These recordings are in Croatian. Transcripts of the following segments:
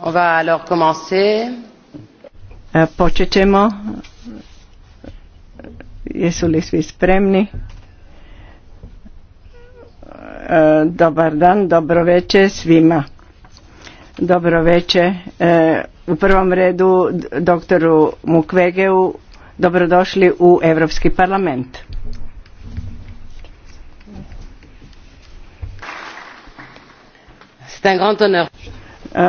On alors commencer. E, počet ćemo. Jesu li svi spremni? E, dobar dan, dobro večer svima. Dobro večer e, u prvom redu doktoru Mukwegeu. Dobrodošli u Europski parlament. C'est un grand honneur. E,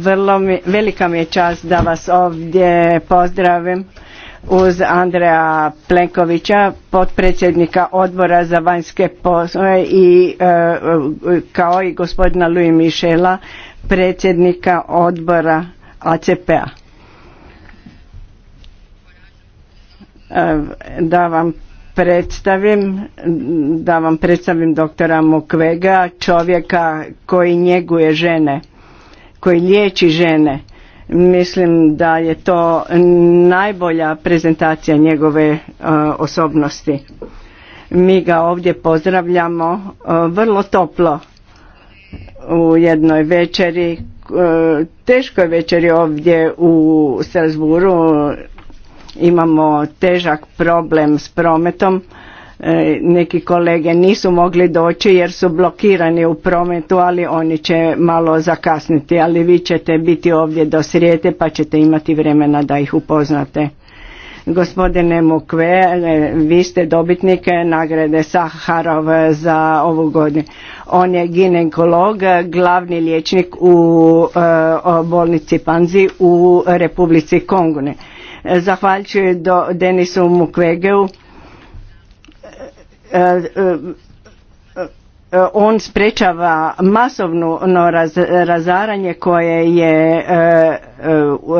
vrlo mi, velika mi je čast da vas ovdje pozdravim uz Andreja Plenkovića, potpredsjednika odbora za vanjske poslove i e, kao i gospodina Louis Michela, predsjednika odbora acp e, Da vam predstavim, da vam predstavim doktora Mukvega, čovjeka koji njeguje žene koji liječi žene. Mislim da je to najbolja prezentacija njegove e, osobnosti. Mi ga ovdje pozdravljamo e, vrlo toplo u jednoj večeri, e, teškoj večeri ovdje u Strasburu. Imamo težak problem s prometom E, neki kolege nisu mogli doći jer su blokirani u prometu, ali oni će malo zakasniti, ali vi ćete biti ovdje do srijede pa ćete imati vremena da ih upoznate. Gospodine Mukve, e, vi ste dobitnik nagrade Saharov za ovu godinu. On je ginekolog, glavni liječnik u e, bolnici Panzi u Republici Kongune. Zahvaljujem Denisu Mukvegeu. E, e, e, on sprečava masovno ono razaranje koje je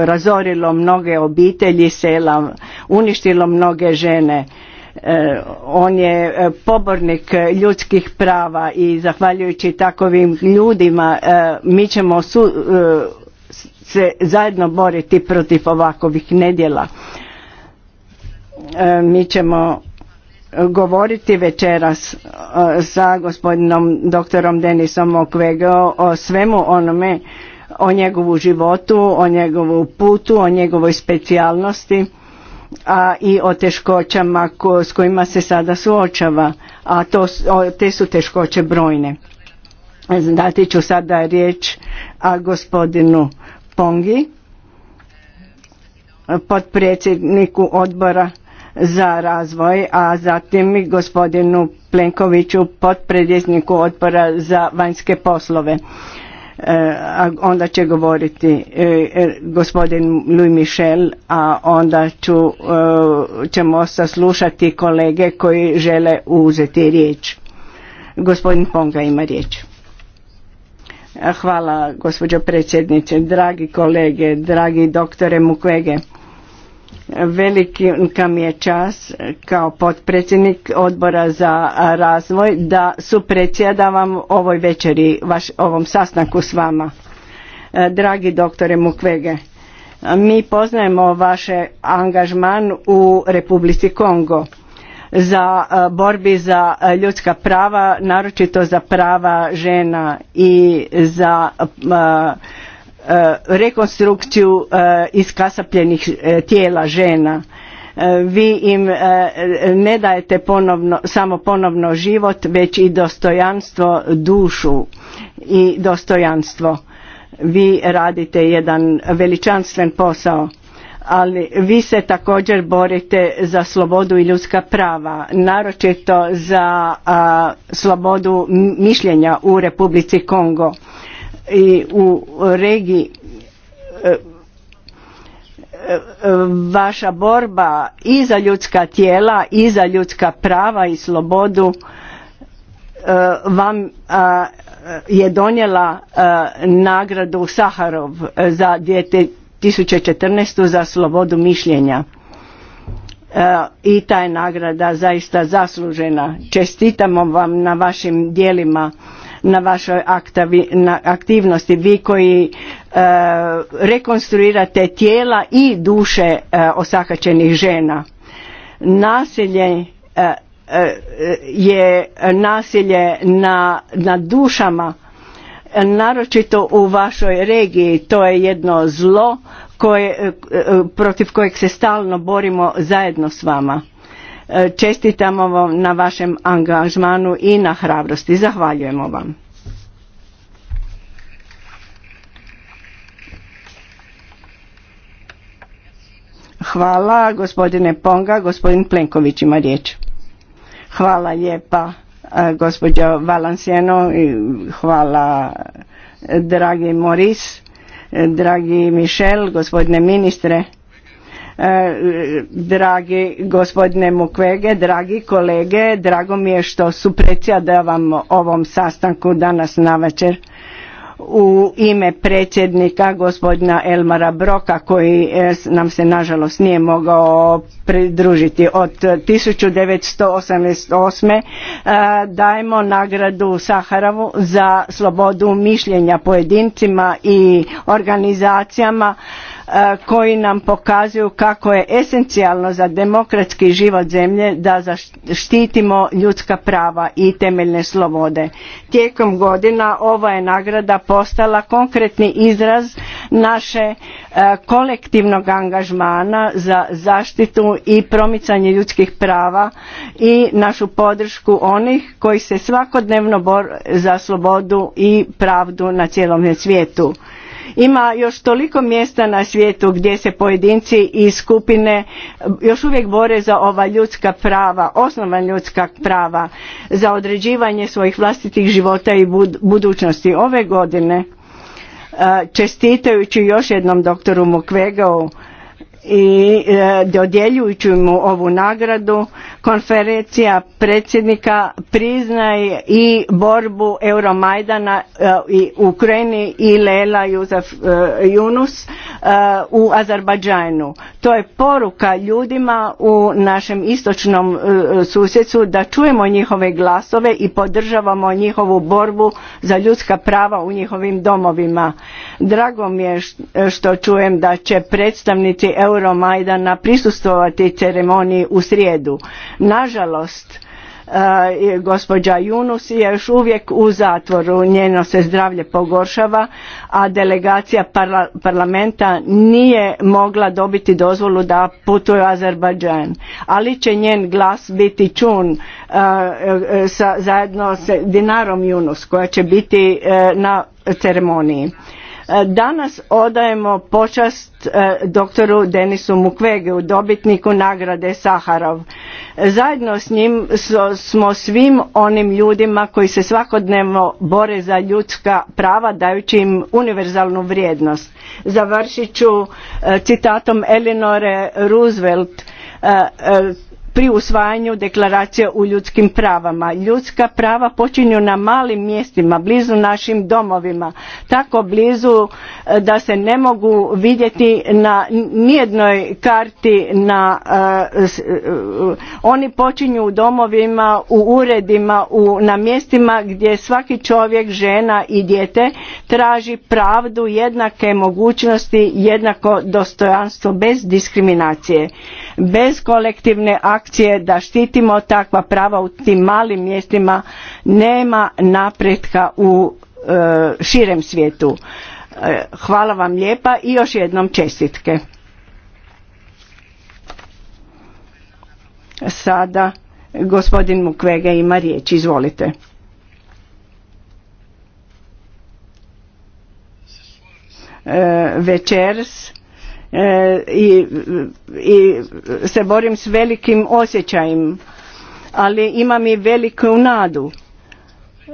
razorilo mnoge obitelji sela, uništilo mnoge žene. On je pobornik ljudskih prava i zahvaljujući takovim ljudima mi ćemo se zajedno boriti protiv ovakovih nedjela. Mi ćemo govoriti večeras e, sa gospodinom doktorom Denisom Okvego o svemu onome, o njegovu životu, o njegovu putu, o njegovoj specijalnosti a i o teškoćama s kojima se sada suočava, a to, te su teškoće brojne. Dati ću sada riječ a gospodinu Pongi, potpredsjedniku odbora za razvoj, a zatim gospodinu Plenkoviću, potpredsjedniku odbora za vanjske poslove. E, a onda će govoriti e, gospodin Louis Michel, a onda ću, e, ćemo saslušati kolege koji žele uzeti riječ. Gospodin Ponga ima riječ. Hvala gospođo predsjednice, dragi kolege, dragi doktore Mukwege Veliki kam je čas kao potpredsjednik odbora za razvoj da supredsjedavam ovoj večeri, vaš, ovom sastanku s vama. E, dragi doktore Mukwege, mi poznajemo vaše angažman u Republici Kongo za e, borbi za e, ljudska prava, naročito za prava žena i za Eh, rekonstrukciju eh, iskasapljenih eh, tijela žena vi im ne dajete ponovno, samo ponovno život već i dostojanstvo dušu i dostojanstvo vi radite jedan veličanstven posao ali vi se također borite za slobodu i ljudska prava naročito za slobodu mišljenja u Republici Kongo i u regiji e, e, vaša borba i za ljudska tijela i za ljudska prava i slobodu e, vam je donijela nagradu Saharov za 2014. za slobodu mišljenja i ta je nagrada zaista zaslužena. Čestitamo vam na vašim dijelima na vašoj na aktivnosti vi koji e, rekonstruirate tijela i duše e, osakaćenih žena nasilje e, e, je nasilje na, na dušama naročito u vašoj regiji to je jedno zlo koje, protiv kojeg se stalno borimo zajedno s vama E, Čestitamo vam na vašem angažmanu i na hrabrosti. Zahvaljujemo vam. Hvala gospodine Ponga, gospodin Plenković ima riječ. Hvala lijepa e, gospođo Valansjeno i hvala e, dragi Moris, dragi Mišel, gospodine ministre. E, dragi gospodine Mukwege, dragi kolege, drago mi je što su predsjedavamo ovom sastanku danas na večer u ime predsjednika gospodina Elmara Broka koji e, nam se nažalost nije mogao pridružiti od 1988. E, dajemo nagradu Saharavu za slobodu mišljenja pojedincima i organizacijama koji nam pokazuju kako je esencijalno za demokratski život zemlje da zaštitimo ljudska prava i temeljne slobode. Tijekom godina ova je nagrada postala konkretni izraz naše kolektivnog angažmana za zaštitu i promicanje ljudskih prava i našu podršku onih koji se svakodnevno bore za slobodu i pravdu na cijelom svijetu. Ima još toliko mjesta na svijetu gdje se pojedinci i skupine još uvijek bore za ova ljudska prava, osnovna ljudska prava, za određivanje svojih vlastitih života i budućnosti. Ove godine e, čestitajući još jednom doktoru Mukwegeu i e, dodjeljujući mu ovu nagradu konferencija predsjednika priznaje i borbu Euromajdana e, i Ukrajini i Lela Juzef Junus e, u Azerbajdžanu. To je poruka ljudima u našem istočnom susjedstvu da čujemo njihove glasove i podržavamo njihovu borbu za ljudska prava u njihovim domovima. Drago mi je što čujem da će predstavnici Euro Euromajdana prisustovati ceremoniji u srijedu. Nažalost, e, gospođa Junus je još uvijek u zatvoru, njeno se zdravlje pogoršava, a delegacija parlamenta nije mogla dobiti dozvolu da putuje u Azerbajdžan, ali će njen glas biti čun e, e, sa, zajedno s Dinarom Junus koja će biti na ceremoniji. E, danas odajemo počast e, doktoru Denisu u dobitniku nagrade Saharov. Zajedno s njim smo svim onim ljudima koji se svakodnevno bore za ljudska prava dajući im univerzalnu vrijednost. Završit ću e, citatom Elinore Roosevelt pri usvajanju deklaracije u ljudskim pravama. Ljudska prava počinju na malim mjestima, blizu našim domovima, tako blizu e, da se ne mogu vidjeti na nijednoj karti na e, e, oni počinju u domovima, u uredima, na mjestima gdje svaki čovjek, žena i dijete traži pravdu, jednake mogućnosti, jednako dostojanstvo bez diskriminacije. Bez kolektivne akcije da štitimo takva prava u tim malim mjestima nema napretka u e, širem svijetu. E, hvala vam lijepa i još jednom čestitke. Sada gospodin Mukvege ima riječ, izvolite. E, Večers. E, i, se borim s velikim osjećajem ali imam i veliku nadu e,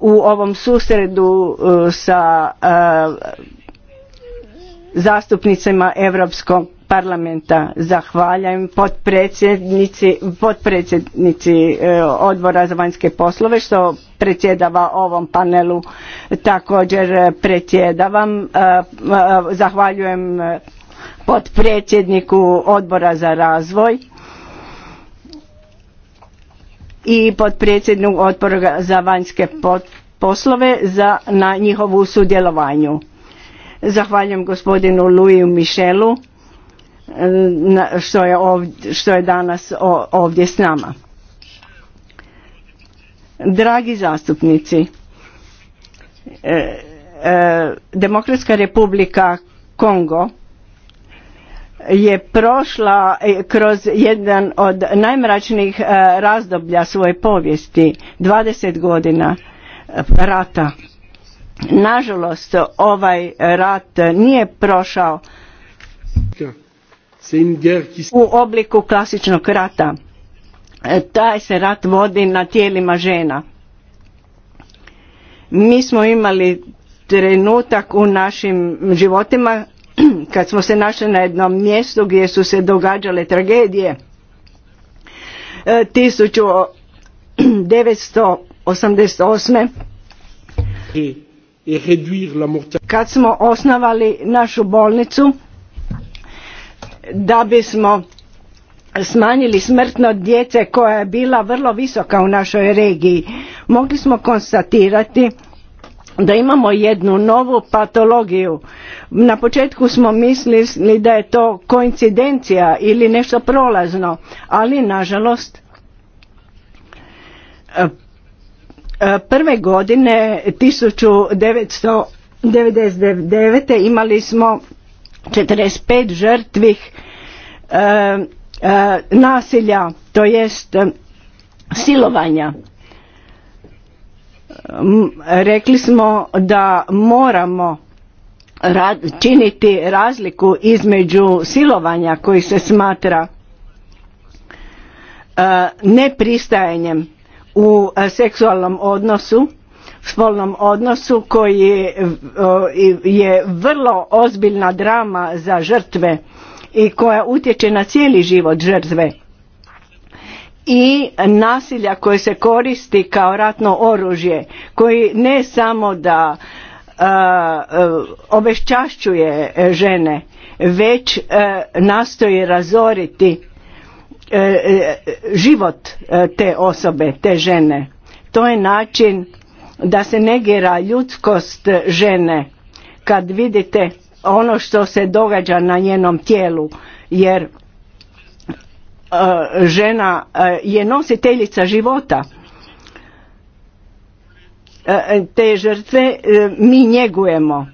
u ovom susredu e, sa zastupnicima Europskog parlamenta. Zahvaljujem potpredsjednici, potpredsjednici odbora za vanjske poslove što predsjedava ovom panelu. Također predsjedavam. Zahvaljujem potpredsjedniku odbora za razvoj i potpredsjedniku odbora za vanjske poslove za, na njihovu sudjelovanju. Zahvaljujem gospodinu Luiju Mišelu e, što je, što je danas ovdje s nama. Dragi zastupnici, e, e, Demokratska republika Kongo je prošla e, kroz jedan od najmračnijih e, razdoblja svoje povijesti, 20 godina e, rata. Nažalost, ovaj rat nije prošao u obliku klasičnog rata. Taj se rat vodi na tijelima žena. Mi smo imali trenutak u našim životima kad smo se našli na jednom mjestu gdje su se događale tragedije 1988. E, kad smo osnovali našu bolnicu da bismo smanjili smrtno djece koja je bila vrlo visoka u našoj regiji mogli smo konstatirati da imamo jednu novu patologiju. Na početku smo mislili da je to koincidencija ili nešto prolazno, ali nažalost e, prve godine 1999. imali smo 45 žrtvih e, e, nasilja, to jest silovanja rekli smo da moramo činiti razliku između silovanja koji se smatra e, nepristajanjem u seksualnom odnosu spolnom odnosu koji e, je vrlo ozbiljna drama za žrtve i koja utječe na cijeli život žrtve i nasilja koje se koristi kao ratno oružje koji ne samo da e, e, obešćašćuje e, žene već nastoji razoriti život te osobe, te žene. To je način da se negira ljudskost žene kad vidite ono što se događa na njenom tijelu jer Eh, žena eh, je nositeljica života eh, te žrtve mi njegujemo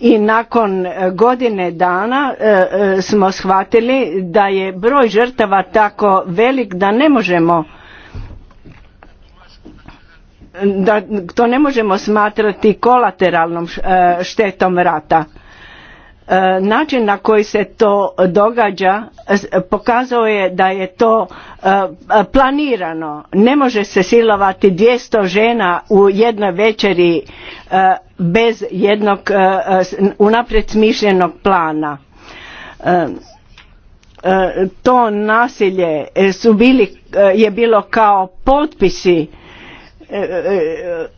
i nakon godine dana smo shvatili da je broj žrtava tako velik da ne možemo da to ne možemo smatrati kolateralnom štetom rata E, način na koji se to događa e, pokazao je da je to e, planirano ne može se silovati 200 žena u jednoj večeri bez jednog unaprijed smišljenog plana to nasilje su bili je bilo kao potpisi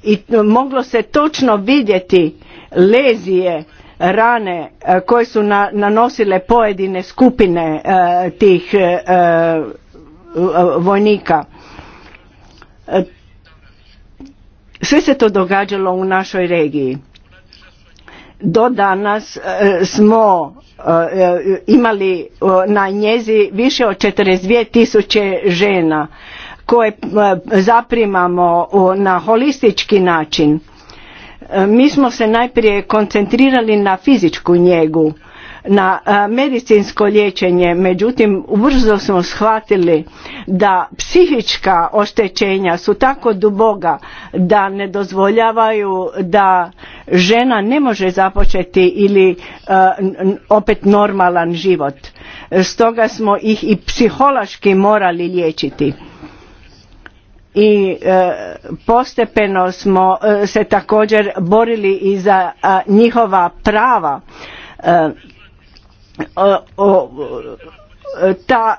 i moglo se točno vidjeti lezije rane e, koje su nanosile pojedine skupine e, tih e, vojnika sve se to događalo u našoj regiji do danas smo imali na njezi više od 42 tisuće žena koje zaprimamo na holistički način E, mi smo se najprije koncentrirali na fizičku njegu, na e, medicinsko liječenje, međutim ubrzo smo shvatili da psihička oštećenja su tako duboga da ne dozvoljavaju da žena ne može započeti ili e, opet normalan život. Stoga smo ih i psihološki morali liječiti i e, postepeno smo e, se također borili i za njihova prava e, ta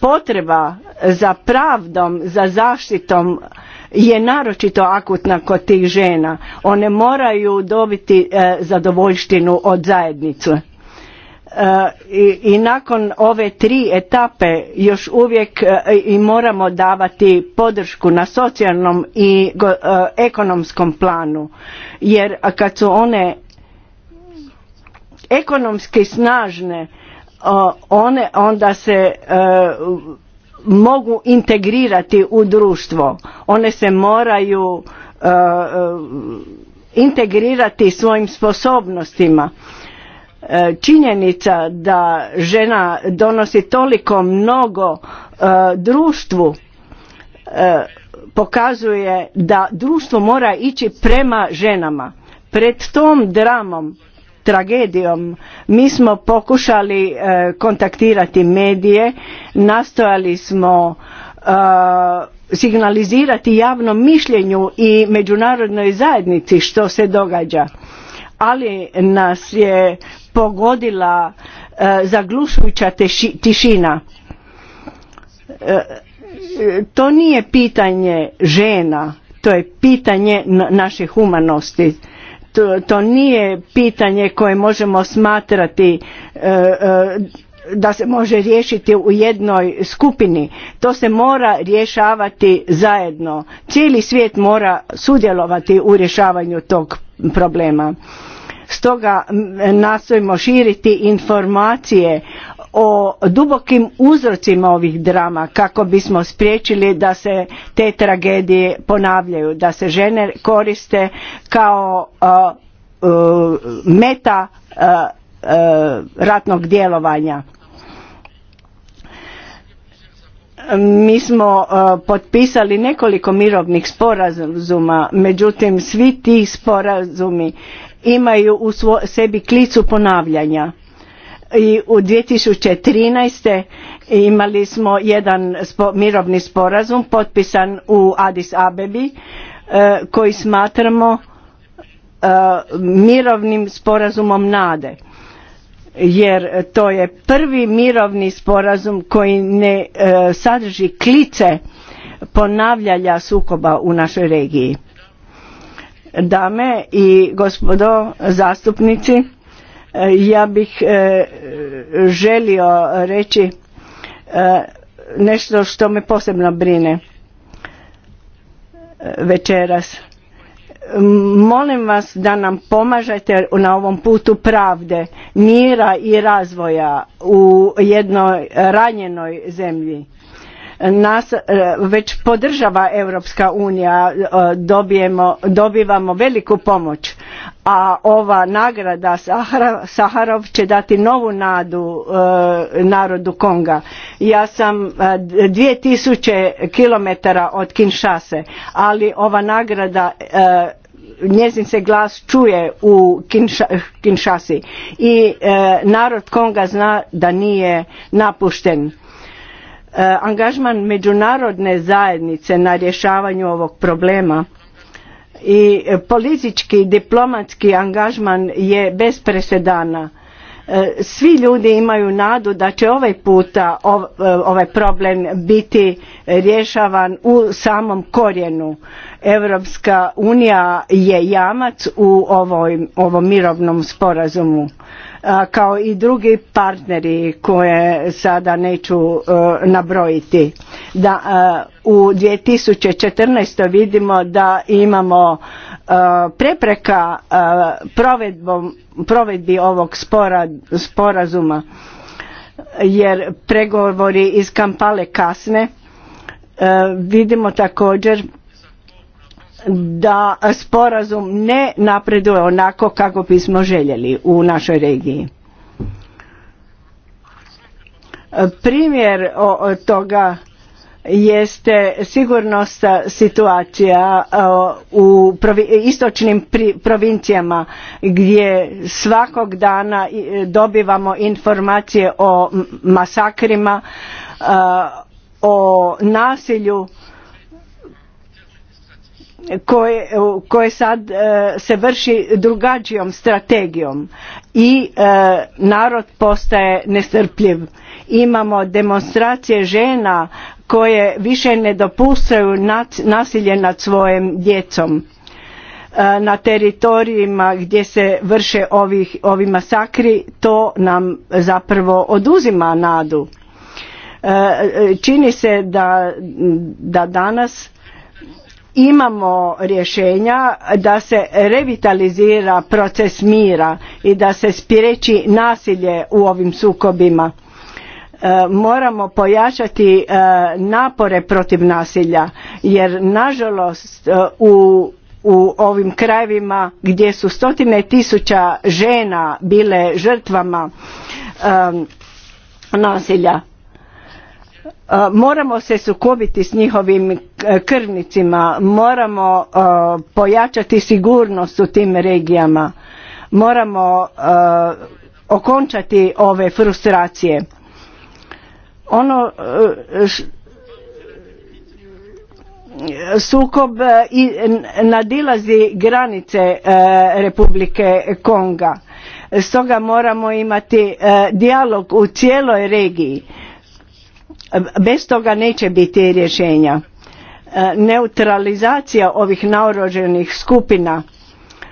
potreba za pravdom za zaštitom je naročito akutna kod tih žena one moraju dobiti zadovoljštinu od zajednice i, nakon ove tri etape još uvijek e, i moramo davati podršku na socijalnom i e, ekonomskom planu jer kad su one ekonomski snažne one onda se e, mogu integrirati u društvo one se moraju integrirati svojim sposobnostima E, činjenica da žena donosi toliko mnogo e, društvu e, pokazuje da društvo mora ići prema ženama. Pred tom dramom, tragedijom, mi smo pokušali kontaktirati medije, nastojali smo signalizirati javnom mišljenju i međunarodnoj zajednici što se događa ali nas je pogodila e, zaglušujuća tišina e, to nije pitanje žena to je pitanje naše humanosti to, nije pitanje koje možemo smatrati e, da se može riješiti u jednoj skupini to se mora rješavati zajedno cijeli svijet mora sudjelovati u rješavanju tog problema stoga nastojimo širiti informacije o dubokim uzrocima ovih drama kako bismo spriječili da se te tragedije ponavljaju da se žene koriste kao meta E, ratnog djelovanja. Mi smo e, potpisali nekoliko mirovnih sporazuma, međutim svi ti sporazumi imaju u sebi klicu ponavljanja. I u 2013. imali smo jedan mirovni sporazum potpisan u Addis Abebi e, koji smatramo mirovnim sporazumom nade jer to je prvi mirovni sporazum koji ne e, sadrži klice ponavljanja sukoba u našoj regiji. Dame i gospodo zastupnici, e, ja bih e, želio reći nešto što me posebno brine večeras molim vas da nam pomažete na ovom putu pravde, mira i razvoja u jednoj ranjenoj zemlji nas e, već podržava Europska unija, e, dobivamo veliku pomoć, a ova nagrada Saharov će dati novu nadu e, narodu Konga. Ja sam 2000 km od Kinshase, ali ova nagrada njezin se glas čuje u Kinshasi i narod Konga zna da nije napušten Eh, angažman međunarodne zajednice na rješavanju ovog problema i politički diplomatski angažman je bez presedana eh, svi ljudi imaju nadu da će ovaj puta eh, ovaj problem biti rješavan u samom korijenu. Europska unija je jamac u ovom, ovom mirovnom sporazumu kao i drugi partneri koje sada neću e, nabrojiti. Da e, u 2014. vidimo da imamo e, prepreka provedbi ovog sporazuma jer pregovori iz Kampale kasne. Vidimo također da sporazum ne napreduje onako kako bismo željeli u našoj regiji. Primjer toga jeste sigurnost situacija u istočnim provincijama gdje svakog dana dobivamo informacije o masakrima, o nasilju koje, sad e, se vrši drugačijom strategijom i e, narod postaje nestrpljiv. Imamo demonstracije žena koje više ne dopuštaju nasilje nad svojim djecom e, na teritorijima gdje se vrše ovih, ovi masakri, to nam zapravo oduzima nadu. Čini se da, da danas imamo rješenja da se revitalizira proces mira i da se spriječi nasilje u ovim sukobima e, moramo pojačati e, napore protiv nasilja jer nažalost e, u, u ovim krajevima gdje su stotine tisuća žena bile žrtvama nasilja moramo se sukobiti s njihovim e, krvnicima moramo e, pojačati sigurnost u tim regijama moramo e, okončati ove frustracije ono sukob nadilazi granice Republike Konga stoga moramo imati dijalog u cijeloj regiji bez toga neće biti rješenja e, neutralizacija ovih naoroženih skupina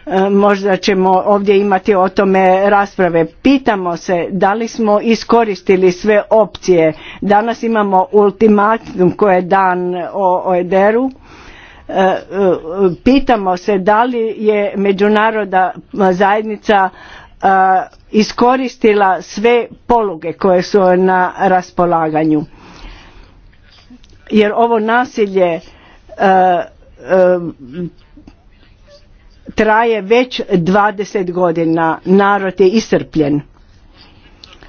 e, možda ćemo ovdje imati o tome rasprave pitamo se da li smo iskoristili sve opcije danas imamo ultimatum koji je dan o ederu e, pitamo se da li je međunarodna zajednica iskoristila sve poluge koje su na raspolaganju jer ovo nasilje e, e, traje već 20 godina. Narod je iscrpljen.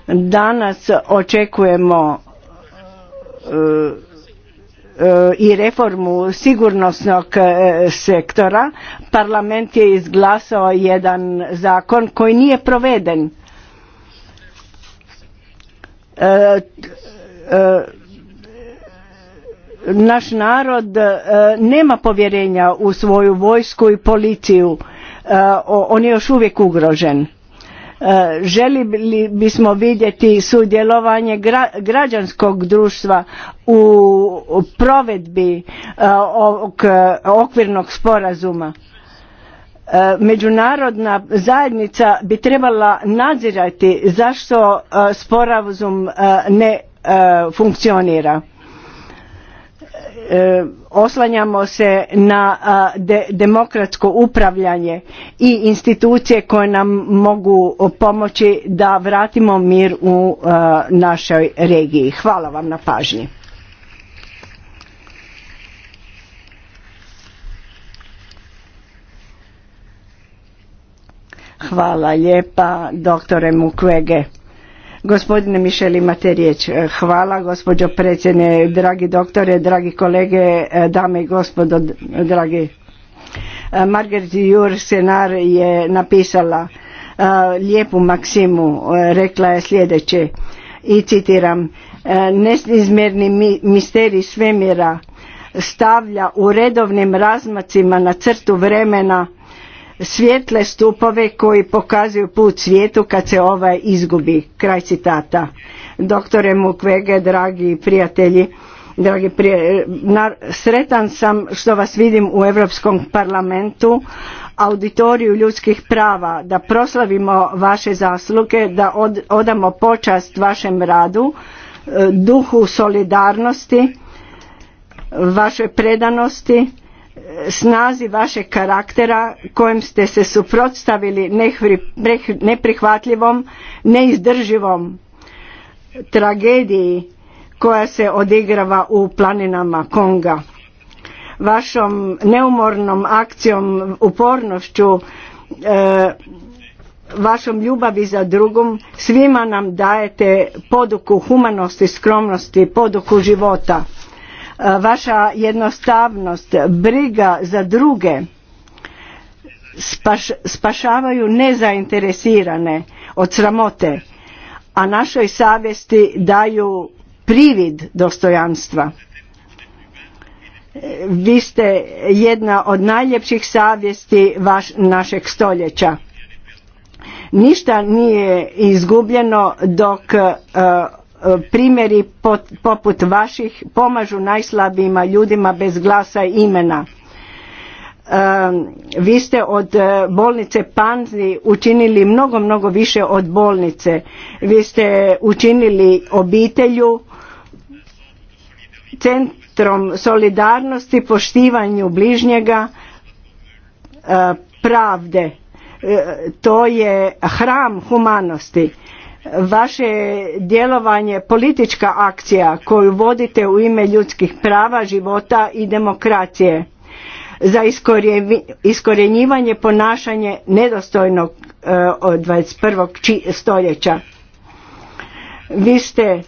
Danas očekujemo e, i reformu sigurnosnog sektora. Parlament je izglasao jedan zakon koji nije proveden naš narod e, nema povjerenja u svoju vojsku i policiju e, on je još uvijek ugrožen e, željeli bismo vidjeti sudjelovanje građanskog društva u provedbi ovog okvirnog sporazuma međunarodna zajednica bi trebala nadzirati zašto sporazum ne funkcionira E, oslanjamo se na demokratsko upravljanje i institucije koje nam mogu pomoći da vratimo mir u našoj regiji. Hvala vam na pažnji. Hvala lijepa doktore Mukwege. Gospodine Mišel, imate riječ. E, hvala, gospođo predsjedne, dragi doktore, dragi kolege, e, dame i gospodo, dragi. E, Margaret Jur Senar je napisala lijepu maksimu, rekla je sljedeće i citiram nesizmjerni misterij svemira stavlja u redovnim razmacima na crtu vremena svjetle stupove koji pokazuju put svijetu kad se ovaj izgubi. Kraj citata. Doktore Mukwege, dragi prijatelji, dragi sretan sam što vas vidim u Europskom parlamentu, auditoriju ljudskih prava, da proslavimo vaše zasluge, da odamo počast vašem radu, e, duhu solidarnosti, vašoj predanosti, snazi vašeg karaktera kojem ste se suprotstavili neprihvatljivom, neizdrživom tragediji koja se odigrava u planinama Konga. Vašom neumornom akcijom, upornošću, e, vašom ljubavi za drugom, svima nam dajete poduku humanosti, skromnosti, poduku života vaša jednostavnost, briga za druge spašavaju nezainteresirane od sramote, a našoj savjesti daju privid dostojanstva. E, vi ste jedna od najljepših savjesti vaš, našeg stoljeća. Ništa nije izgubljeno dok e, primjeri poput vaših pomažu najslabijima ljudima bez glasa i imena. Vi ste od e, bolnice Panzi učinili mnogo, mnogo više od bolnice. Vi ste učinili obitelju centrom solidarnosti, poštivanju bližnjega, e, pravde. E, to je hram humanosti vaše djelovanje politička akcija koju vodite u ime ljudskih prava, života i demokracije za iskorjenjivanje ponašanje nedostojnog eh, od 21. stoljeća. Vi ste eh,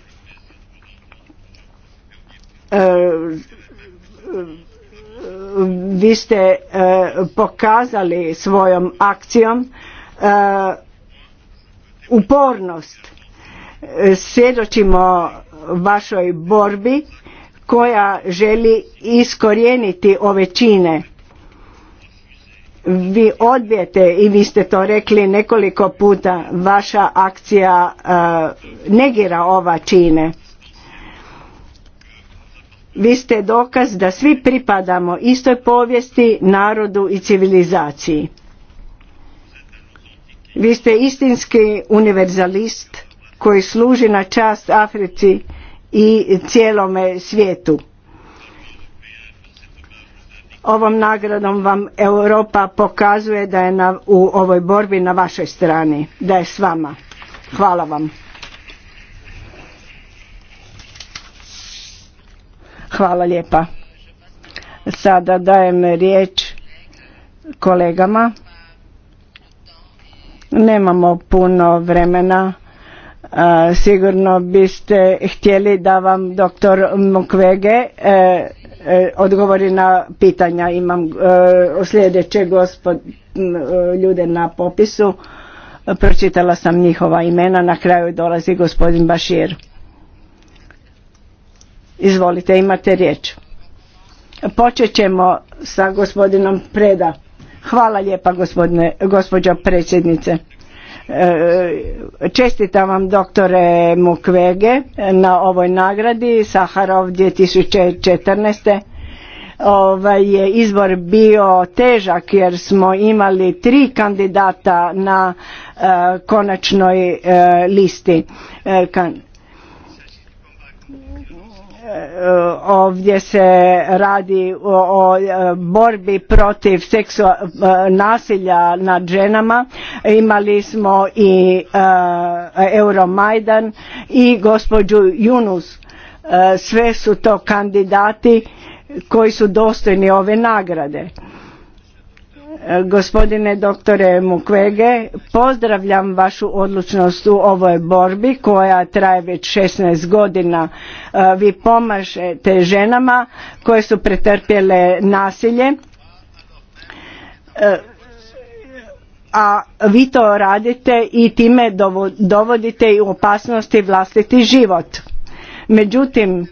vi ste eh, pokazali svojom akcijom upornost. E, svjedočimo vašoj borbi koja želi iskorijeniti ove čine. Vi odbijete i vi ste to rekli nekoliko puta, vaša akcija e, negira ova čine. Vi ste dokaz da svi pripadamo istoj povijesti, narodu i civilizaciji. Vi ste istinski univerzalist koji služi na čast Africi i cijelome svijetu. Ovom nagradom vam Europa pokazuje da je na, u ovoj borbi na vašoj strani, da je s vama. Hvala vam. Hvala lijepa. Sada dajem riječ kolegama. Nemamo puno vremena. E, sigurno biste htjeli da vam doktor Mukwege e, e, odgovori na pitanja. Imam sljedeće gospod, ljude na popisu. Pročitala sam njihova imena. Na kraju dolazi gospodin Bašir. Izvolite, imate riječ. Počet ćemo sa gospodinom Preda. Hvala lijepa gospođo predsjednice. E, čestitam vam doktore Mukvege na ovoj nagradi Saharov 2014. Ovaj je izbor bio težak jer smo imali tri kandidata na e, konačnoj e, listi. E, ovdje se radi o e, borbi protiv e, nasilja nad ženama imali smo i Euromajdan i gospođu Junus sve su to kandidati koji su dostojni ove nagrade Gospodine doktore Mukwege, pozdravljam vašu odlučnost u ovoj borbi koja traje već 16 godina. E, vi pomažete ženama koje su pretrpjele nasilje, e, a vi to radite i time dovodite i u opasnosti vlastiti život. Međutim,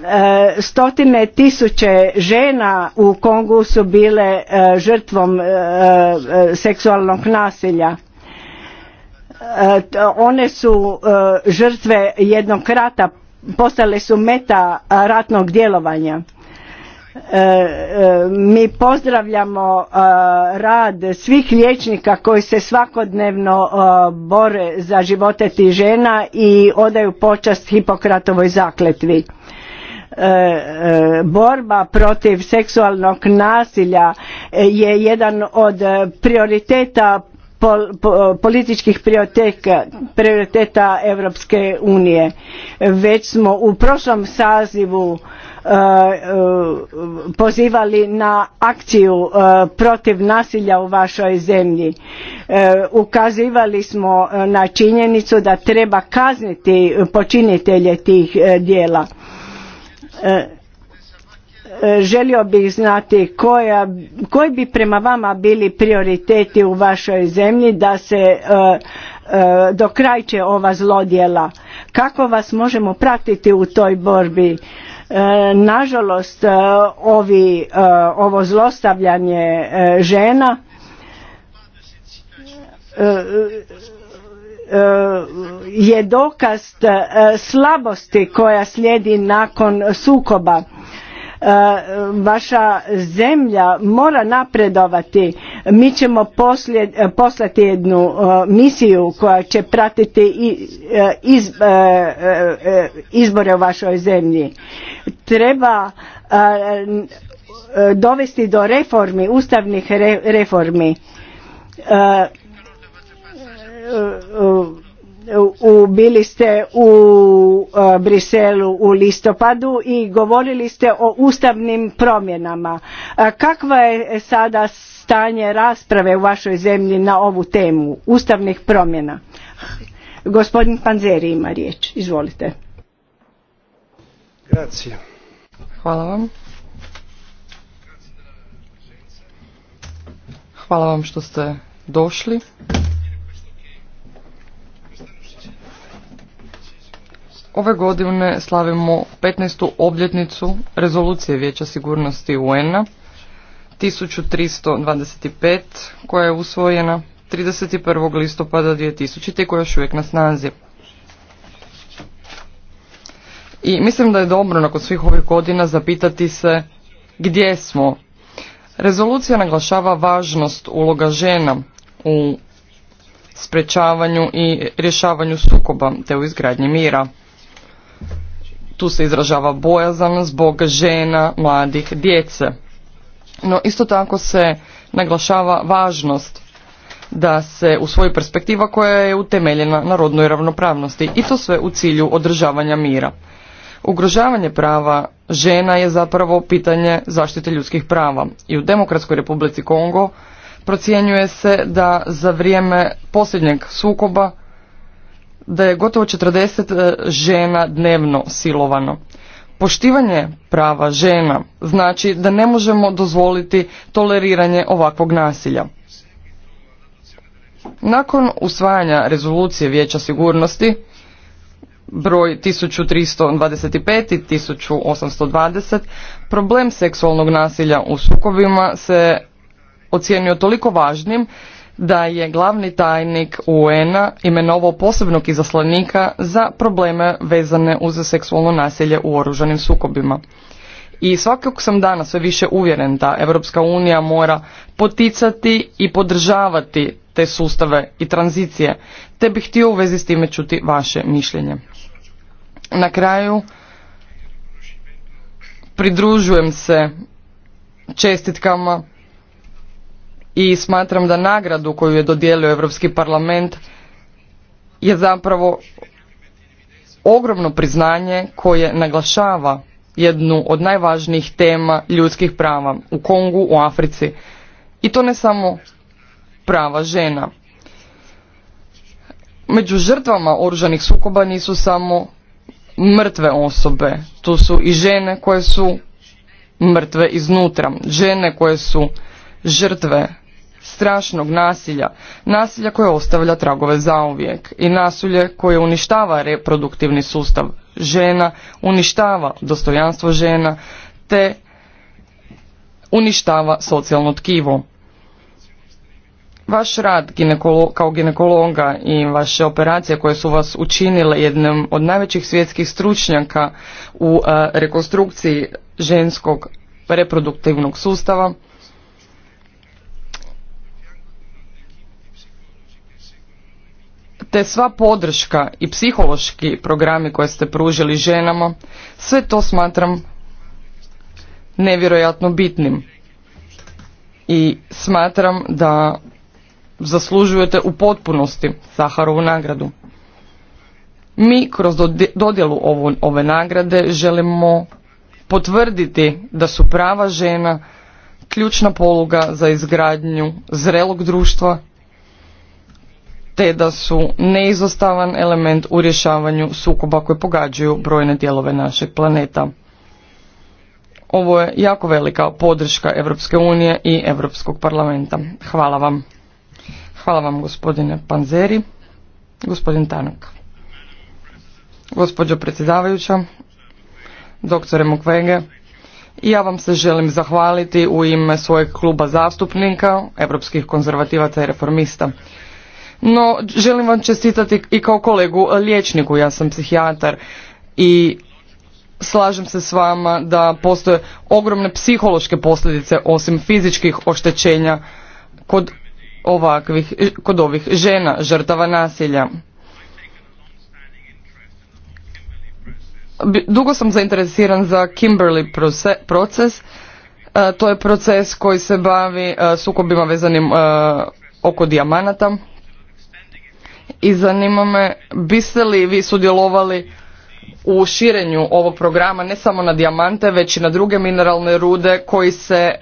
E, stotine tisuće žena u Kongu su bile e, žrtvom e, seksualnog nasilja one su žrtve jednog rata postale su meta ratnog djelovanja mi pozdravljamo rad svih liječnika koji se svakodnevno bore za živote tih žena i odaju počast Hipokratovoj zakletvi E, e, borba protiv seksualnog nasilja e, je jedan od prioriteta političkih prioriteta Europske unije. Već smo u prošlom sazivu pozivali na akciju protiv nasilja u vašoj zemlji. Ukazivali smo na činjenicu da treba kazniti počinitelje tih dijela Eh, želio bih znati koji bi prema vama bili prioriteti u vašoj zemlji da se eh, eh, dokrajče ova zlodjela. Kako vas možemo pratiti u toj borbi? Nažalost, ovi, ovo zlostavljanje žena Eh, je dokaz eh, slabosti koja slijedi nakon sukoba eh, vaša zemlja mora napredovati mi ćemo poslati jednu misiju koja će pratiti iz, izbore u vašoj zemlji treba dovesti do reformi ustavnih reformi E, e, u, bili ste u e, Briselu u listopadu i govorili ste o ustavnim promjenama. Kakva je sada stanje rasprave u vašoj zemlji na ovu temu ustavnih promjena? Gospodin Panzeri ima riječ. Izvolite. Grazie. Hvala vam. Hvala vam što ste došli Ove godine slavimo 15. obljetnicu rezolucije Vijeća sigurnosti UN-a 1325 koja je usvojena 31. listopada 2000. koja je još uvijek na snazi. I mislim da je dobro nakon svih ovih godina zapitati se gdje smo. Rezolucija naglašava važnost uloga žena u sprečavanju i rješavanju sukoba te u izgradnji mira. Tu se izražava bojazan zbog žena, mladih, djece. No isto tako se naglašava važnost da se usvoji perspektiva koja je utemeljena na rodnoj ravnopravnosti i to sve u cilju održavanja mira. Ugrožavanje prava žena je zapravo pitanje zaštite ljudskih prava i u Demokratskoj Republici Kongo procjenjuje se da za vrijeme posljednjeg sukoba da je gotovo 40 e, žena dnevno silovano. Poštivanje prava žena znači da ne možemo dozvoliti toleriranje ovakvog nasilja. Nakon usvajanja rezolucije Vijeća sigurnosti broj 1325 i 1820 problem seksualnog nasilja u sukobima se ocijenio toliko važnim da je glavni tajnik UN-a imenovao posebnog izaslanika za probleme vezane uz seksualno nasilje u oružanim sukobima. I svakako sam danas sve više uvjeren da Europska unija mora poticati i podržavati te sustave i tranzicije, te bih htio u vezi s time čuti vaše mišljenje. Na kraju pridružujem se čestitkama i smatram da nagradu koju je dodijelio Europski parlament je zapravo ogromno priznanje koje naglašava jednu od najvažnijih tema ljudskih prava u Kongu, u Africi. I to ne samo prava žena. Među žrtvama oružanih sukoba nisu samo mrtve osobe, tu su i žene koje su mrtve iznutra, žene koje su žrtve strašnog nasilja, nasilja koje ostavlja tragove zauvijek i nasilje koje uništava reproduktivni sustav žena, uništava dostojanstvo žena te uništava socijalno tkivo. Vaš rad kao ginekologa i vaše operacije koje su vas učinile jednom od najvećih svjetskih stručnjaka u e, rekonstrukciji ženskog reproduktivnog sustava te sva podrška i psihološki programi koje ste pružili ženama, sve to smatram nevjerojatno bitnim. I smatram da zaslužujete u potpunosti Saharovu nagradu. Mi kroz dodjelu ove nagrade želimo potvrditi da su prava žena ključna poluga za izgradnju zrelog društva te da su neizostavan element u rješavanju sukoba koji pogađaju brojne dijelove našeg planeta. Ovo je jako velika podrška Europske unije i Europskog parlamenta. Hvala vam. Hvala vam gospodine Panzeri. Gospodin Tanak. Gospođo predsjedavajuća, doktore Mukwege, ja vam se želim zahvaliti u ime svojeg kluba zastupnika, europskih konzervativaca i reformista. No, želim vam čestitati i kao kolegu liječniku, ja sam psihijatar i slažem se s vama da postoje ogromne psihološke posljedice osim fizičkih oštećenja kod ovakvih, kod ovih žena, žrtava nasilja. Dugo sam zainteresiran za Kimberly proces. E, to je proces koji se bavi e, sukobima vezanim e, oko dijamanata i zanima me biste li vi sudjelovali u širenju ovog programa ne samo na diamante već i na druge mineralne rude koji se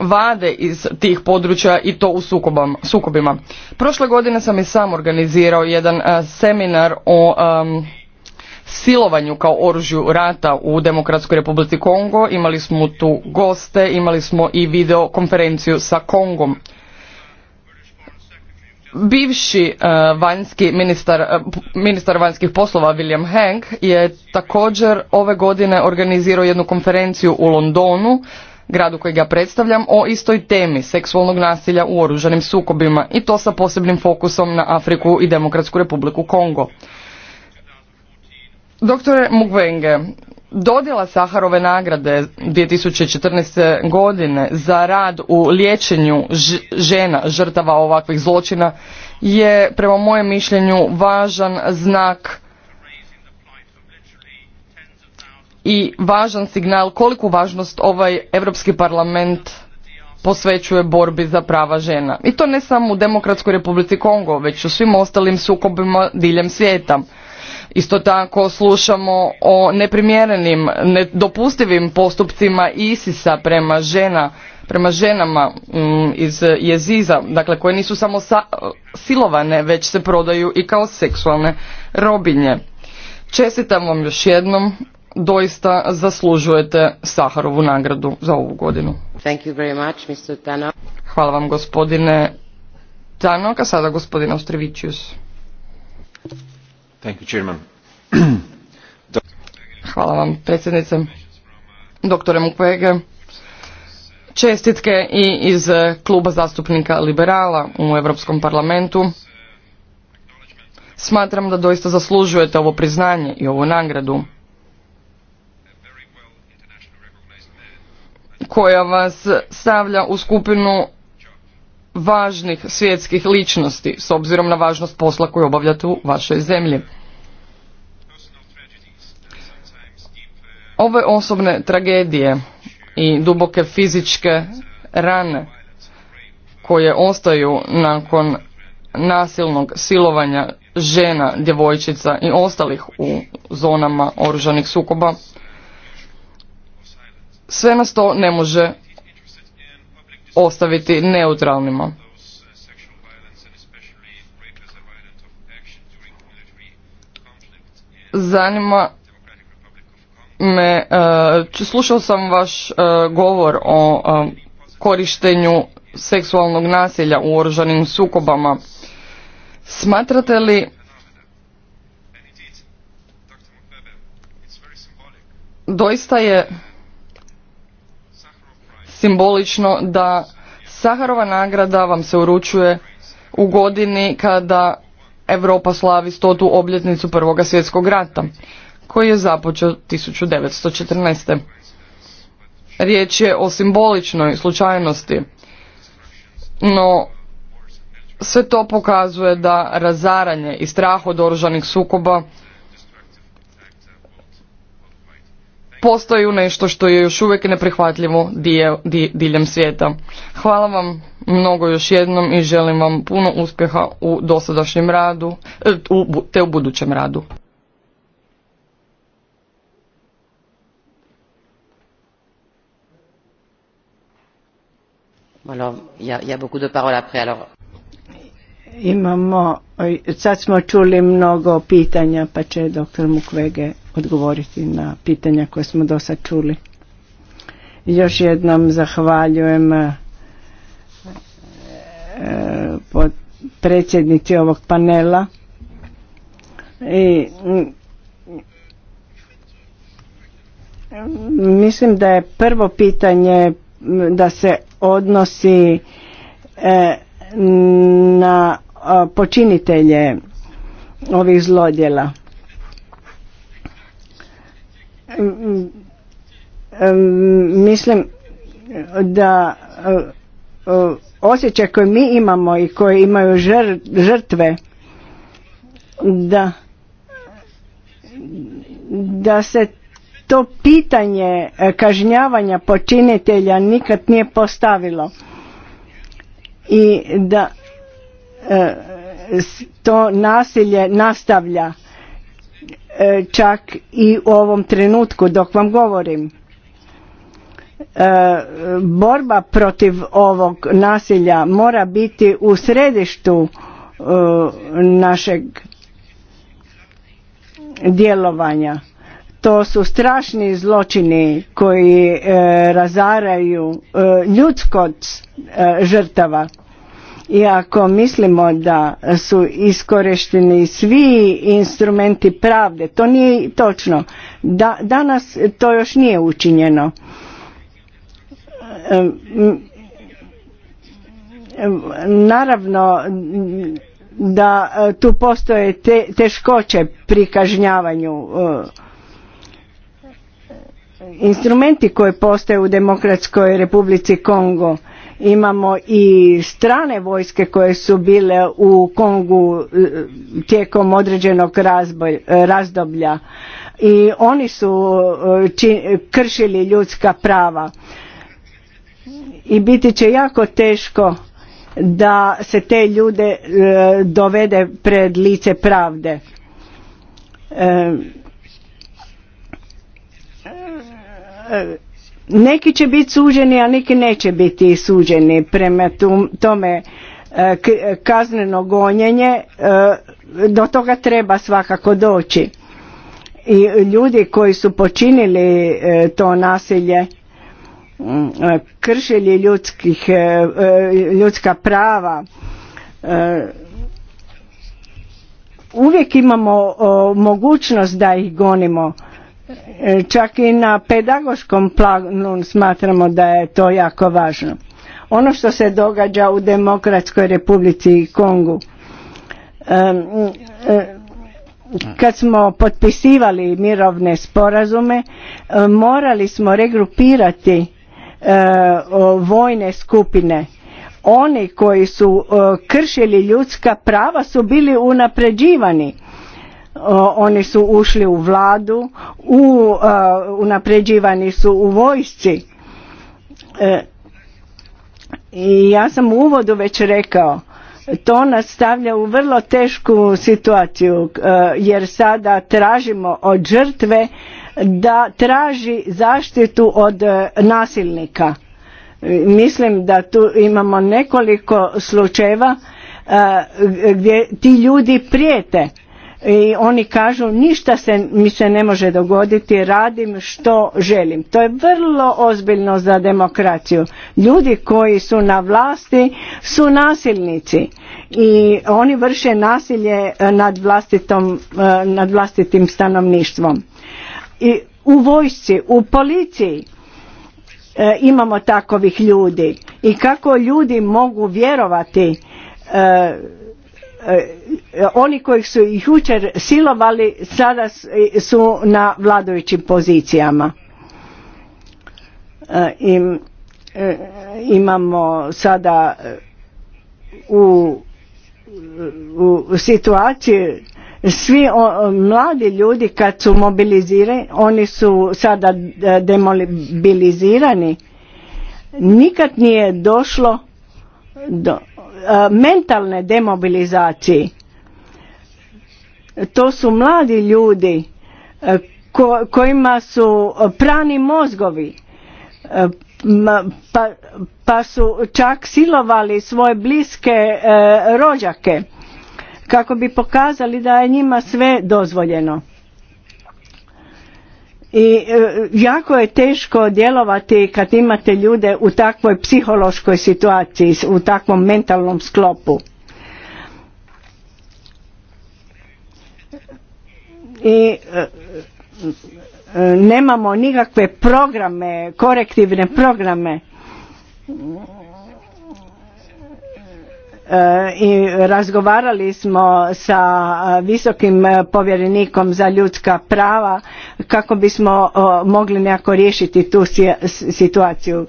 vade iz tih područja i to u sukobima. Prošle godine sam i sam organizirao jedan e, seminar o silovanju kao oružju rata u Demokratskoj Republici Kongo. Imali smo tu goste, imali smo i videokonferenciju sa Kongom Bivši e, vanjski ministar, e, ministar vanjskih poslova William Hank je također ove godine organizirao jednu konferenciju u Londonu, gradu kojeg ja predstavljam, o istoj temi seksualnog nasilja u oružanim sukobima i to sa posebnim fokusom na Afriku i Demokratsku republiku Kongo. Doktore Mugwenge, Dodjela Saharove nagrade 2014. godine za rad u liječenju žena žrtava ovakvih zločina je prema mojem mišljenju važan znak i važan signal koliku važnost ovaj Europski parlament posvećuje borbi za prava žena. I to ne samo u Demokratskoj republici Kongo, već u svim ostalim sukobima diljem svijeta. Isto tako slušamo o neprimjerenim, nedopustivim postupcima Isisa prema žena, prema ženama mm, iz jeziza, dakle koje nisu samo silovane, već se prodaju i kao seksualne robinje. Čestitam vam još jednom, doista zaslužujete Saharovu nagradu za ovu godinu. Thank you very Hvala vam gospodine Tanok, a sada gospodine Ostrevićius. Hvala vam, predsjednice. Doktore Mukwege, čestitke i iz kluba zastupnika liberala u Europskom parlamentu. Smatram da doista zaslužujete ovo priznanje i ovu nagradu. koja vas stavlja u skupinu važnih svjetskih ličnosti s obzirom na važnost posla koju obavljate u vašoj zemlji. Ove osobne tragedije i duboke fizičke rane koje ostaju nakon nasilnog silovanja žena, djevojčica i ostalih u zonama oružanih sukoba, sve nas to ne može ostaviti neutralnima. Zanima me, e, slušao sam vaš e, govor o e, korištenju seksualnog nasilja u oružanim sukobama. Smatrate li doista je simbolično da Saharova nagrada vam se uručuje u godini kada Europa slavi stotu obljetnicu Prvog svjetskog rata, koji je započeo 1914. Riječ je o simboličnoj slučajnosti, no sve to pokazuje da razaranje i strah od oružanih sukoba postaju nešto što je još uvijek neprihvatljivo diljem svijeta. Hvala vam mnogo još jednom i želim vam puno uspjeha u dosadašnjem radu e, te u budućem radu. Imamo, e, sad smo čuli mnogo pitanja, pa će doktor Mukvege odgovoriti na pitanja koje smo do sad čuli. Još jednom zahvaljujem e, predsjednici ovog panela i mislim da je prvo pitanje da se odnosi e, na počinitelje ovih zlodjela Mm, mm, mm, mislim da e, e, osjećaj koji mi imamo i koji imaju žrtve da da se to pitanje e, kažnjavanja počinitelja nikad nije postavilo i da to nasilje nastavlja E, čak i u ovom trenutku dok vam govorim. E, borba protiv ovog nasilja mora biti u središtu e, našeg djelovanja. To su strašni zločini koji razaraju ljudskog žrtava i ako mislimo da su iskorišteni svi instrumenti pravde, to nije točno. Da, danas to još nije učinjeno. Naravno da e, tu postoje te, teškoće pri kažnjavanju e, instrumenti koji postoje u Demokratskoj Republici Kongo Imamo i strane vojske koje su bile u Kongu e, tijekom određenog razboj, razdoblja i oni su e, kršili ljudska prava. I biti će jako teško da se te ljude e, dovede pred lice pravde. Neki će biti suđeni, a neki neće biti suđeni. Prema tome e, kazneno gonjenje, e, do toga treba svakako doći. I ljudi koji su počinili e, to nasilje, kršili ljudskih, ljudska prava, uvijek imamo mogućnost da ih gonimo E, čak i na pedagoškom planu smatramo da je to jako važno. Ono što se događa u Demokratskoj Republici Kongu, e, kad smo potpisivali mirovne sporazume, e, morali smo regrupirati vojne skupine. Oni koji su kršili ljudska prava su bili unapređivani oni su ušli u vladu, u, e, unapređivani su u vojsci. E, I ja sam u uvodu već rekao, to nas stavlja u vrlo tešku situaciju e, jer sada tražimo od žrtve da traži zaštitu od nasilnika. Mislim da tu imamo nekoliko slučajeva gdje ti ljudi prijete i oni kažu ništa se, mi se ne može dogoditi, radim što želim. To je vrlo ozbiljno za demokraciju. Ljudi koji su na vlasti su nasilnici i oni vrše nasilje e, nad, e, nad vlastitim stanovništvom. I u vojsci, u policiji e, imamo takovih ljudi i kako ljudi mogu vjerovati E, e, oni koji su ih jučer silovali sada e, su na vladajućim pozicijama. imamo sada u, situaciji svi mladi ljudi kad su mobilizirani, oni su sada demobilizirani, nikad nije došlo do E, mentalne demobilizaciji. To su mladi ljudi e, kojima su prani mozgovi e, pa, pa su čak silovali svoje bliske rođake kako bi pokazali da je njima sve dozvoljeno i e, jako je teško djelovati kad imate ljude u takvoj psihološkoj situaciji, u takvom mentalnom sklopu. I e, e, nemamo nikakve programe, korektivne programe Eh, i razgovarali smo sa eh, visokim eh, povjerenikom za ljudska prava kako bismo mogli nekako riješiti tu situaciju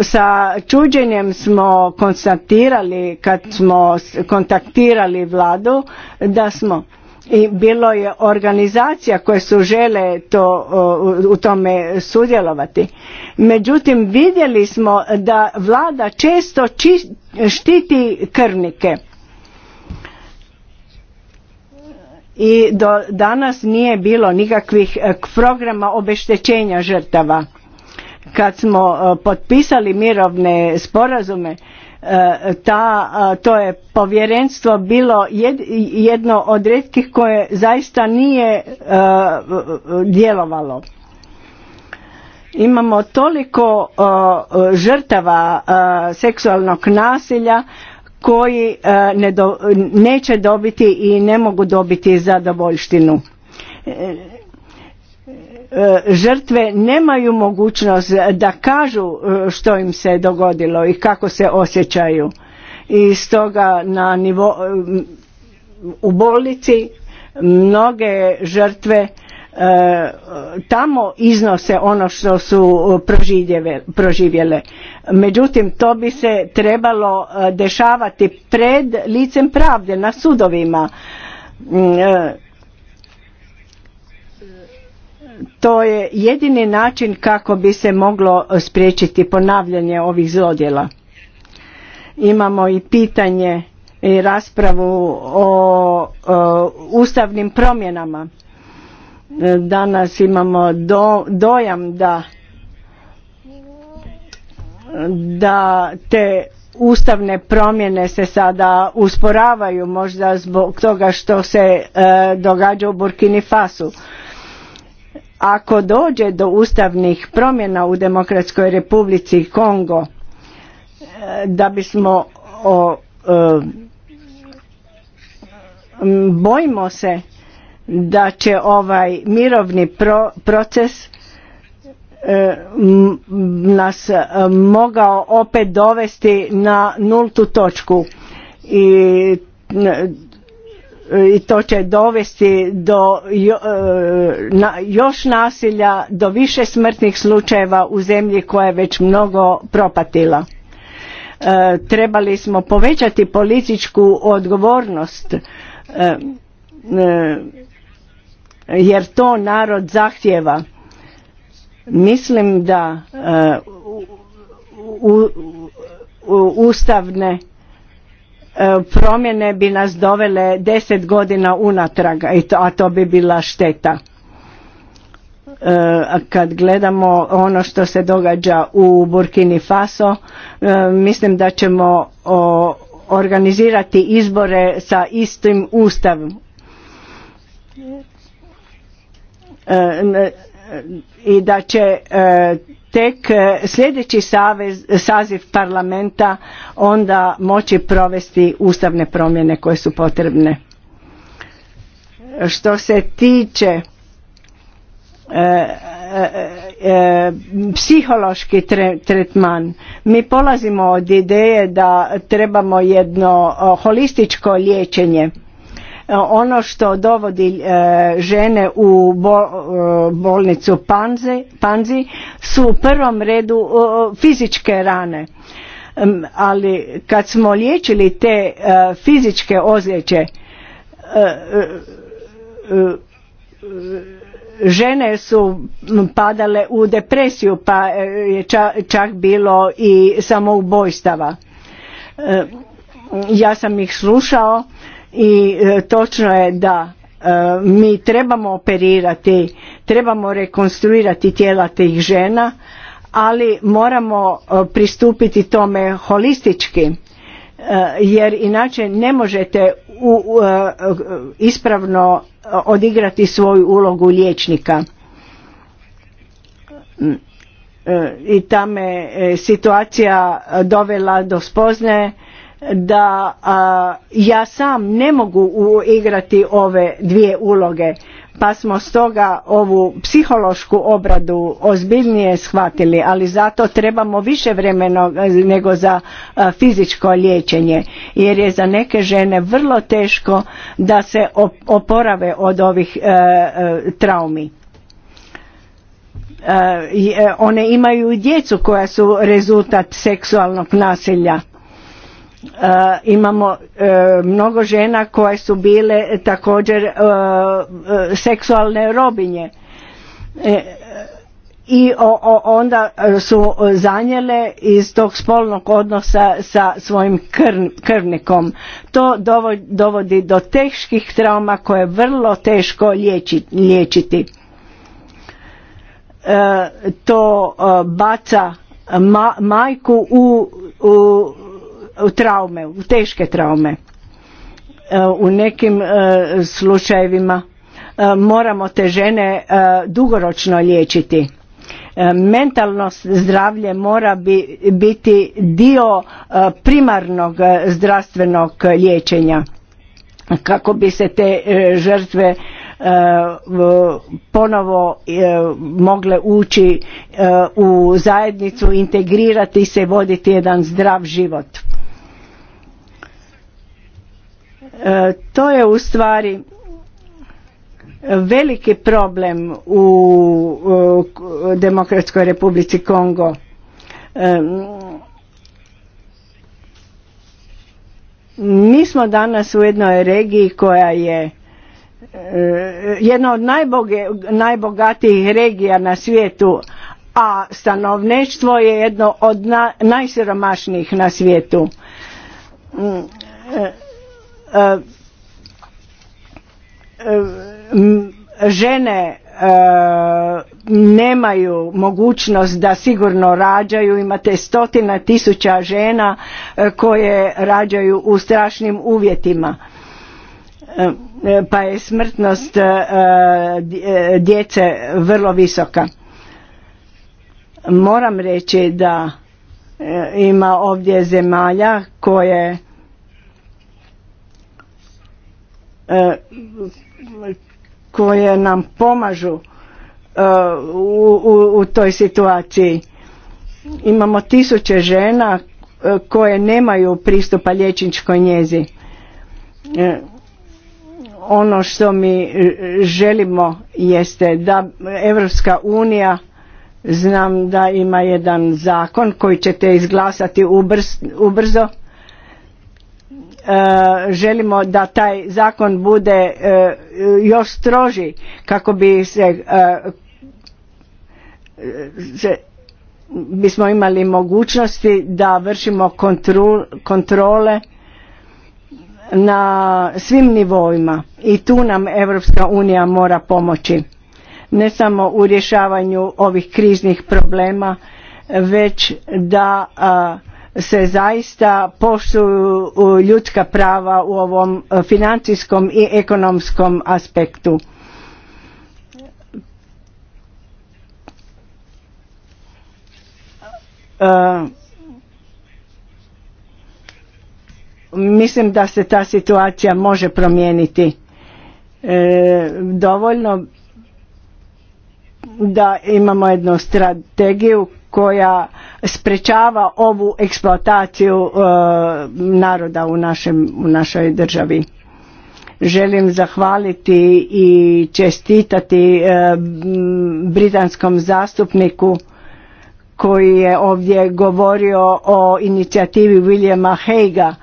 sa čuđenjem smo konstatirali kad smo kontaktirali vladu da smo i bilo je organizacija koje su žele to, u tome sudjelovati. Međutim, vidjeli smo da vlada često štiti krvnike. I do danas nije bilo nikakvih e, programa obeštećenja žrtava. Kad smo e, potpisali mirovne sporazume, E, ta, to je povjerenstvo bilo jedno od retkih koje zaista nije e, djelovalo. Imamo toliko žrtava seksualnog nasilja koji e, neće dobiti i ne mogu dobiti zadovoljštinu E, žrtve nemaju mogućnost da kažu e, što im se dogodilo i kako se osjećaju i stoga na nivo e, u bolnici mnoge žrtve tamo iznose ono što su proživjele. Međutim, to bi se trebalo dešavati pred licem pravde na sudovima mm, to je jedini način kako bi se moglo spriječiti ponavljanje ovih zlodjela. Imamo i pitanje i raspravu o, ustavnim promjenama. Danas imamo dojam da da te ustavne promjene se sada usporavaju možda zbog toga što se e, događa u Burkini Fasu ako dođe do ustavnih promjena u Demokratskoj Republici Kongo e, da bismo o, e, bojimo se da će ovaj mirovni proces e, nas mogao opet dovesti na nultu točku i i to će dovesti do e, još nasilja, do više smrtnih slučajeva u zemlji koja je već mnogo propatila. E, trebali smo povećati političku odgovornost e, jer to narod zahtjeva. Mislim da ustavne E, promjene bi nas dovele deset godina unatrag, a to bi bila šteta. E, kad gledamo ono što se događa u Burkini Faso, e, mislim da ćemo organizirati izbore sa istim ustavom i da će tek e, sljedeći savez, saziv parlamenta onda moći provesti ustavne promjene koje su potrebne. Što se tiče E, e, e psihološki tretman. Mi polazimo od ideje da trebamo jedno holističko liječenje ono što dovodi e, žene u e, bolnicu Panzi, su u prvom redu e, fizičke rane ali kad smo liječili te fizičke ozljeće žene su padale u depresiju pa je čak bilo i samoubojstava ja sam ih slušao i e, točno je da e, mi trebamo operirati, trebamo rekonstruirati tijela tih žena, ali moramo e, pristupiti tome holistički jer inače ne možete ispravno odigrati svoju ulogu liječnika. I ta situacija dovela do spoznaje da ja sam ne mogu igrati ove dvije uloge pa smo stoga ovu psihološku obradu ozbiljnije shvatili ali zato trebamo više vremena nego za fizičko liječenje jer je za neke žene vrlo teško da se oporave od ovih e, e, traumi e, one imaju i djecu koja su rezultat seksualnog nasilja Eh, imamo eh, mnogo žena koje su bile također eh, seksualne robinje i onda su zanjele iz tog spolnog odnosa sa svojim krvnikom. To dovodi do teških trauma koje je vrlo teško liječiti. To baca majku u traume, u teške traume. E, u nekim e, slučajevima e, moramo te žene dugoročno liječiti. Mentalno zdravlje mora biti dio primarnog zdravstvenog liječenja kako bi se te žrtve ponovo mogle ući u zajednicu, integrirati se voditi jedan zdrav život. E, to je u stvari veliki problem u Demokratskoj Republici Kongo. E, mi smo danas u jednoj regiji koja je e, jedna od najbogatijih regija na svijetu, a stanovništvo je jedno od najsiromašnijih na svijetu. Mm, E, e, žene e, nemaju mogućnost da sigurno rađaju imate stotina tisuća žena koje rađaju u strašnim uvjetima pa je smrtnost djece vrlo visoka moram reći da ima ovdje zemalja koje E, koje nam pomažu e, u, toj situaciji. Imamo tisuće žena e, koje nemaju pristupa liječničkoj njezi. Ono što mi želimo jeste da Evropska unija znam da ima jedan zakon koji ćete izglasati ubrzo E, želimo da taj zakon bude e, još stroži kako bi e, se bismo imali mogućnosti da vršimo kontrole na svim nivoima i tu nam Europska unija mora pomoći ne samo u rješavanju ovih kriznih problema već da se zaista poštuju ljudska prava u ovom e, financijskom i ekonomskom aspektu. E, mislim da se ta situacija može promijeniti e, dovoljno da imamo jednu strategiju koja sprečava ovu eksploataciju e, naroda u, našem, u našoj državi želim zahvaliti i čestitati e, britanskom zastupniku koji je ovdje govorio o inicijativi Williama Heiga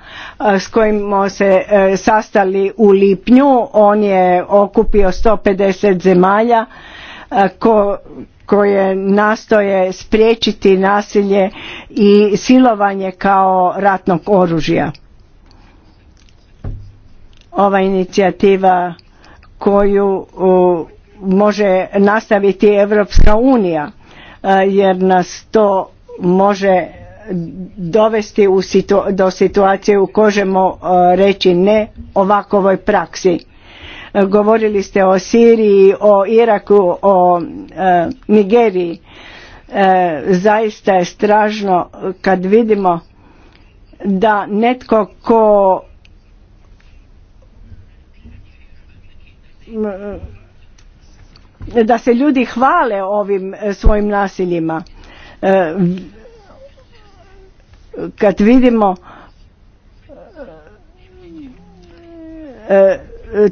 e, s kojim smo se sastali u lipnju. On je okupio 150 zemalja ko, koje nastoje spriječiti nasilje i silovanje kao ratnog oružja. Ova inicijativa koju može nastaviti Europska unija e, jer nas to može dovesti do situacije u kojoj možemo e, reći ne ovakvoj praksi Govorili ste o Siriji, o Iraku, o e, Nigeriji. E, zaista je stražno kad vidimo da netko ko da se ljudi hvale ovim svojim nasiljima e, kad vidimo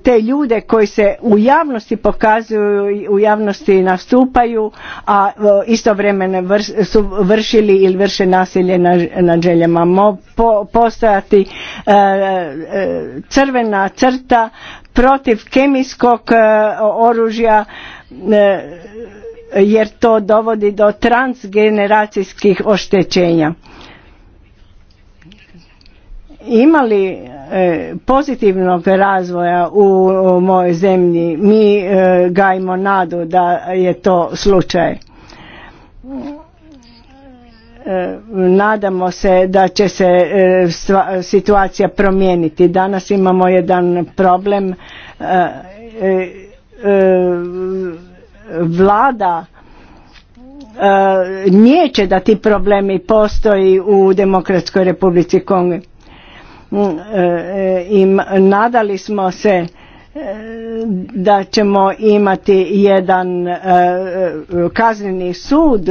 te ljude koji se u javnosti pokazuju u javnosti nastupaju a e, istovremeno su vršili ili vrše nasilje na željama Mo, postojati e, e, crvena crta protiv kemijskog oružja jer to dovodi do transgeneracijskih oštećenja imali e, pozitivnog razvoja u mojoj zemlji. Mi e, gajimo nadu da je to slučaj. E, nadamo se da će se situacija promijeniti. Danas imamo jedan problem vlada neće da ti problemi postoji u Demokratskoj Republici Kongo Mm, e, e, i nadali smo se e, da ćemo imati jedan kazneni sud,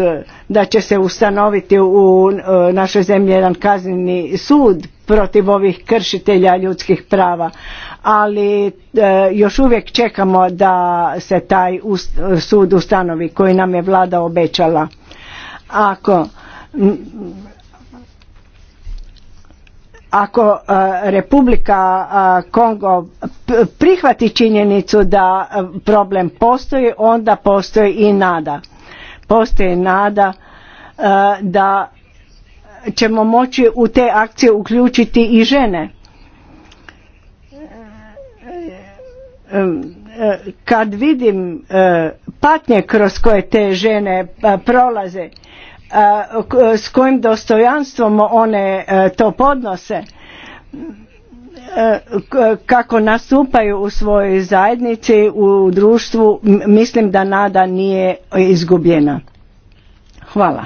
da će se ustanoviti u našoj zemlji jedan kazneni sud protiv ovih kršitelja ljudskih prava, ali još uvijek čekamo da se taj sud ustanovi koji nam je vlada obećala. Ako ako e, Republika e, Kongo prihvati činjenicu da e, problem postoji, onda postoji i nada. Postoji nada da ćemo moći u te akcije uključiti i žene. Kad vidim patnje kroz koje te žene prolaze, s kojim dostojanstvom one e, to podnose e, kako nastupaju u svojoj zajednici u društvu mislim da nada nije izgubljena hvala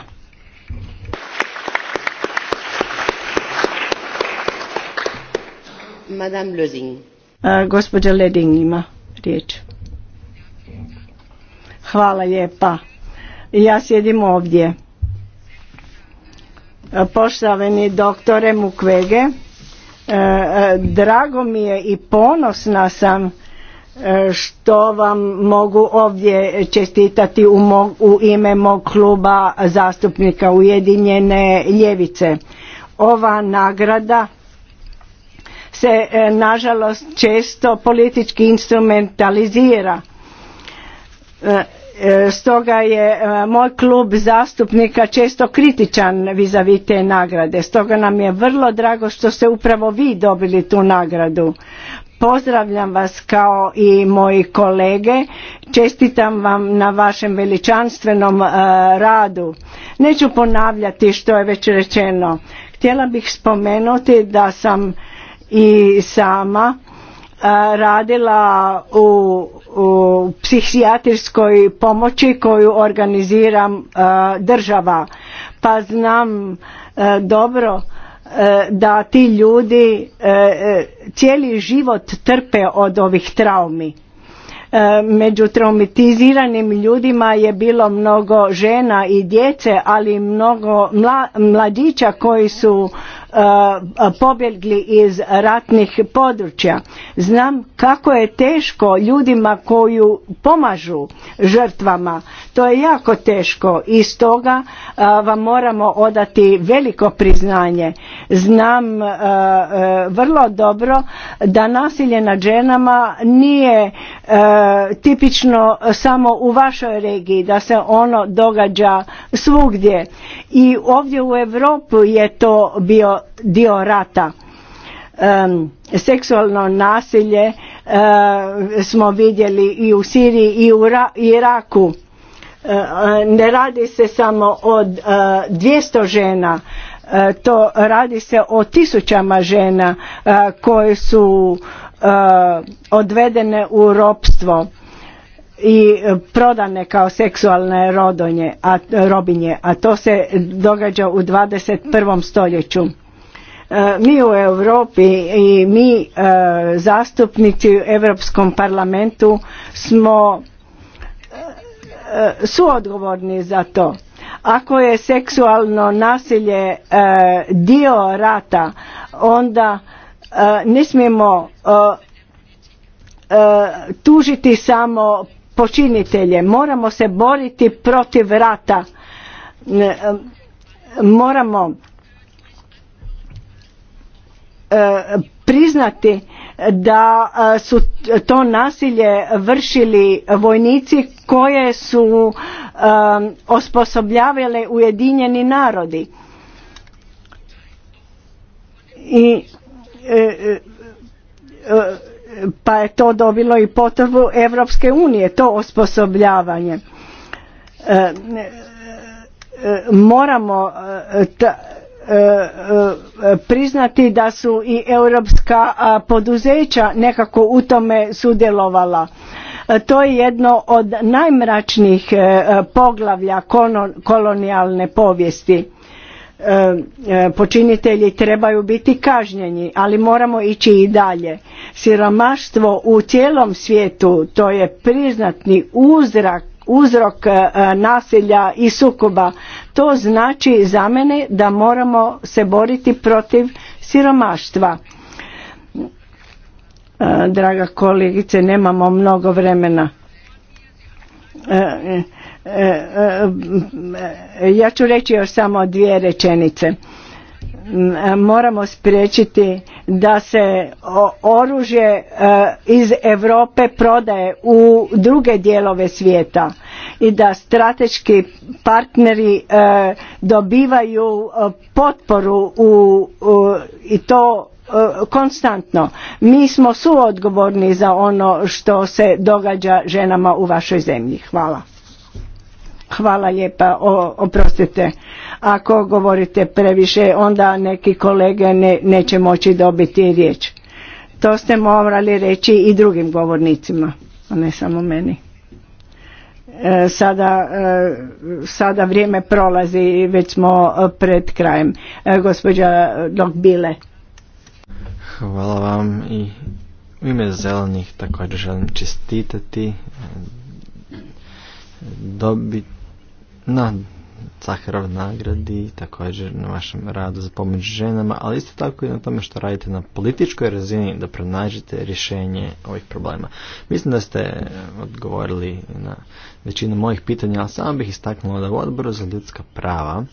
Madame Lezing. gospođa Leding ima riječ. Hvala lijepa. Ja sjedim ovdje. Poštovani doktore Mukvege, e, e, drago mi je i ponosna sam e, što vam mogu ovdje čestitati u, ime mog kluba zastupnika Ujedinjene ljevice. Ova nagrada se nažalost često politički instrumentalizira E, stoga je e, moj klub zastupnika često kritičan vizavi te nagrade stoga nam je vrlo drago što ste upravo vi dobili tu nagradu pozdravljam vas kao i moji kolege čestitam vam na vašem veličanstvenom e, radu neću ponavljati što je već rečeno htjela bih spomenuti da sam i sama radila u, u psihijatrijskoj pomoći koju organiziram država pa znam dobro da ti ljudi cijeli život trpe od ovih traumi među traumatiziranim ljudima je bilo mnogo žena i djece ali mnogo mla, mladića koji su pobjegli iz ratnih područja. Znam kako je teško ljudima koju pomažu žrtvama to je jako teško i stoga vam moramo odati veliko priznanje. Znam vrlo dobro da nasilje nad ženama nije tipično samo u vašoj regiji, da se ono događa svugdje. I ovdje u Europi je to bio dio rata. seksualno nasilje e, smo vidjeli i u Siriji i u Iraku Eh, ne radi se samo od 200 eh, žena, eh, to radi se o tisućama žena koje su odvedene u ropstvo i prodane kao seksualne rodonje, a, robinje, a to se događa u 21. stoljeću. mi u Europi i mi zastupnici u Europskom parlamentu smo E, su odgovorni za to. Ako je seksualno nasilje e, dio rata, onda e, ne smijemo tužiti samo počinitelje. Moramo se boriti protiv rata. Moramo priznati da e, su to nasilje vršili vojnici koje su e, osposobljavale Ujedinjeni narodi. I e, pa je to dobilo i potrebu Evropske unije, to osposobljavanje. moramo E, e, priznati da su i europska poduzeća nekako u tome sudjelovala. E, to je jedno od najmračnijih poglavlja kolonijalne povijesti. Počinitelji trebaju biti kažnjeni, ali moramo ići i dalje. Siromaštvo u cijelom svijetu to je priznatni uzrak uzrok e, e, nasilja i sukoba. To znači za mene da moramo se boriti protiv siromaštva. E, draga kolegice, nemamo mnogo vremena. Ja ću reći još samo dvije rečenice moramo spriječiti da se oružje e, iz Europe prodaje u druge dijelove svijeta i da strateški partneri e, dobivaju e, potporu u, i to konstantno. Mi smo suodgovorni za ono što se događa ženama u vašoj zemlji. Hvala. Hvala lijepa, oprostite. Ako govorite previše, onda neki kolege neće moći dobiti riječ. To ste morali reći i drugim govornicima, a ne samo meni. E, sada, e, sada vrijeme prolazi već smo e, pred krajem. gospođa Dok Bile. Hvala vam i u ime zelenih također želim čestitati dobiti na Caharov nagradi također na vašem radu za pomoć ženama, ali isto tako i na tome što radite na političkoj razini da pronađete rješenje ovih problema. Mislim da ste eh, odgovorili na većinu mojih pitanja, ali samo bih istaknula da u odboru za ljudska prava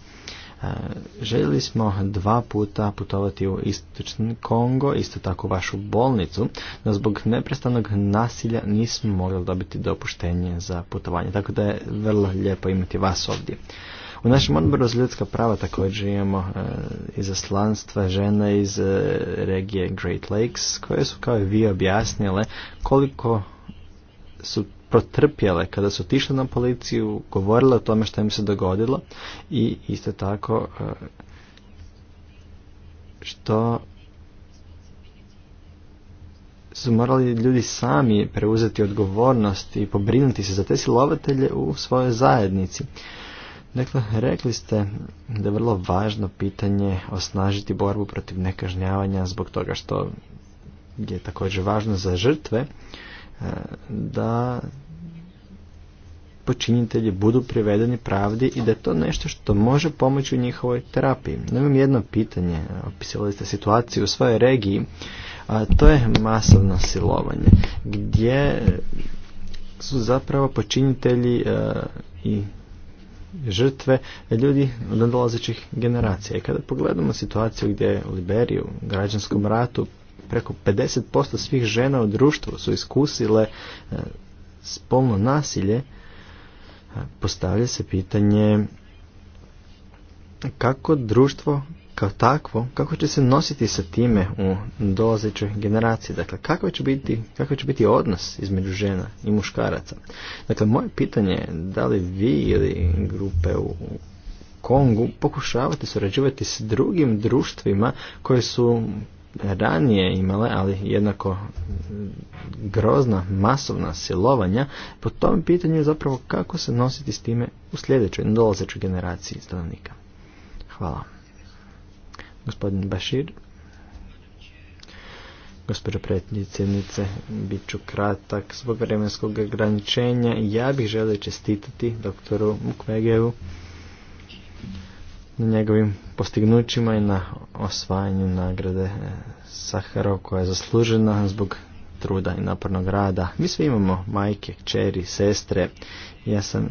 Željeli smo dva puta putovati u istočni Kongo, isto tako u vašu bolnicu, no zbog neprestanog nasilja nismo mogli dobiti dopuštenje za putovanje, tako da je vrlo lijepo imati vas ovdje. U našem odboru za ljudska prava također imamo e, izaslanstva žena iz e, regije Great Lakes koje su kao i vi objasnile koliko su protrpjele kada su otišle na policiju, govorile o tome što im se dogodilo i isto tako e, što su morali ljudi sami preuzeti odgovornost i pobrinuti se za te silovatelje u svojoj zajednici. Dakle, rekli ste da je vrlo važno pitanje osnažiti borbu protiv nekažnjavanja zbog toga što je također važno za žrtve e, da počinitelji budu privedeni pravdi i da je to nešto što može pomoći u njihovoj terapiji. No imam jedno pitanje, opisali ste situaciju u svojoj regiji, a to je masovno silovanje, gdje su zapravo počinitelji e, i žrtve ljudi od nadolazećih generacija. I kada pogledamo situaciju gdje u Liberiju, u građanskom ratu, preko 50% svih žena u društvu su iskusile e, spolno nasilje, postavlja se pitanje kako društvo kao takvo, kako će se nositi sa time u dolazećoj generaciji? Dakle, kakav će biti, kakav će biti odnos između žena i muškaraca? Dakle, moje pitanje je da li vi ili grupe u Kongu pokušavate surađivati s drugim društvima koje su ranije imale, ali jednako grozna masovna silovanja, po tom pitanju je zapravo kako se nositi s time u sljedećoj, dolazećoj generaciji stanovnika. Hvala. Gospodin Bašir. gospodine predsjednice, bit ću kratak zbog vremenskog ograničenja. Ja bih želio čestitati doktoru Mukvegevu na njegovim postignućima i na osvajanju nagrade e, Sahara koja je zaslužena zbog truda i napornog rada. Mi svi imamo majke, kćeri, sestre. Ja sam e,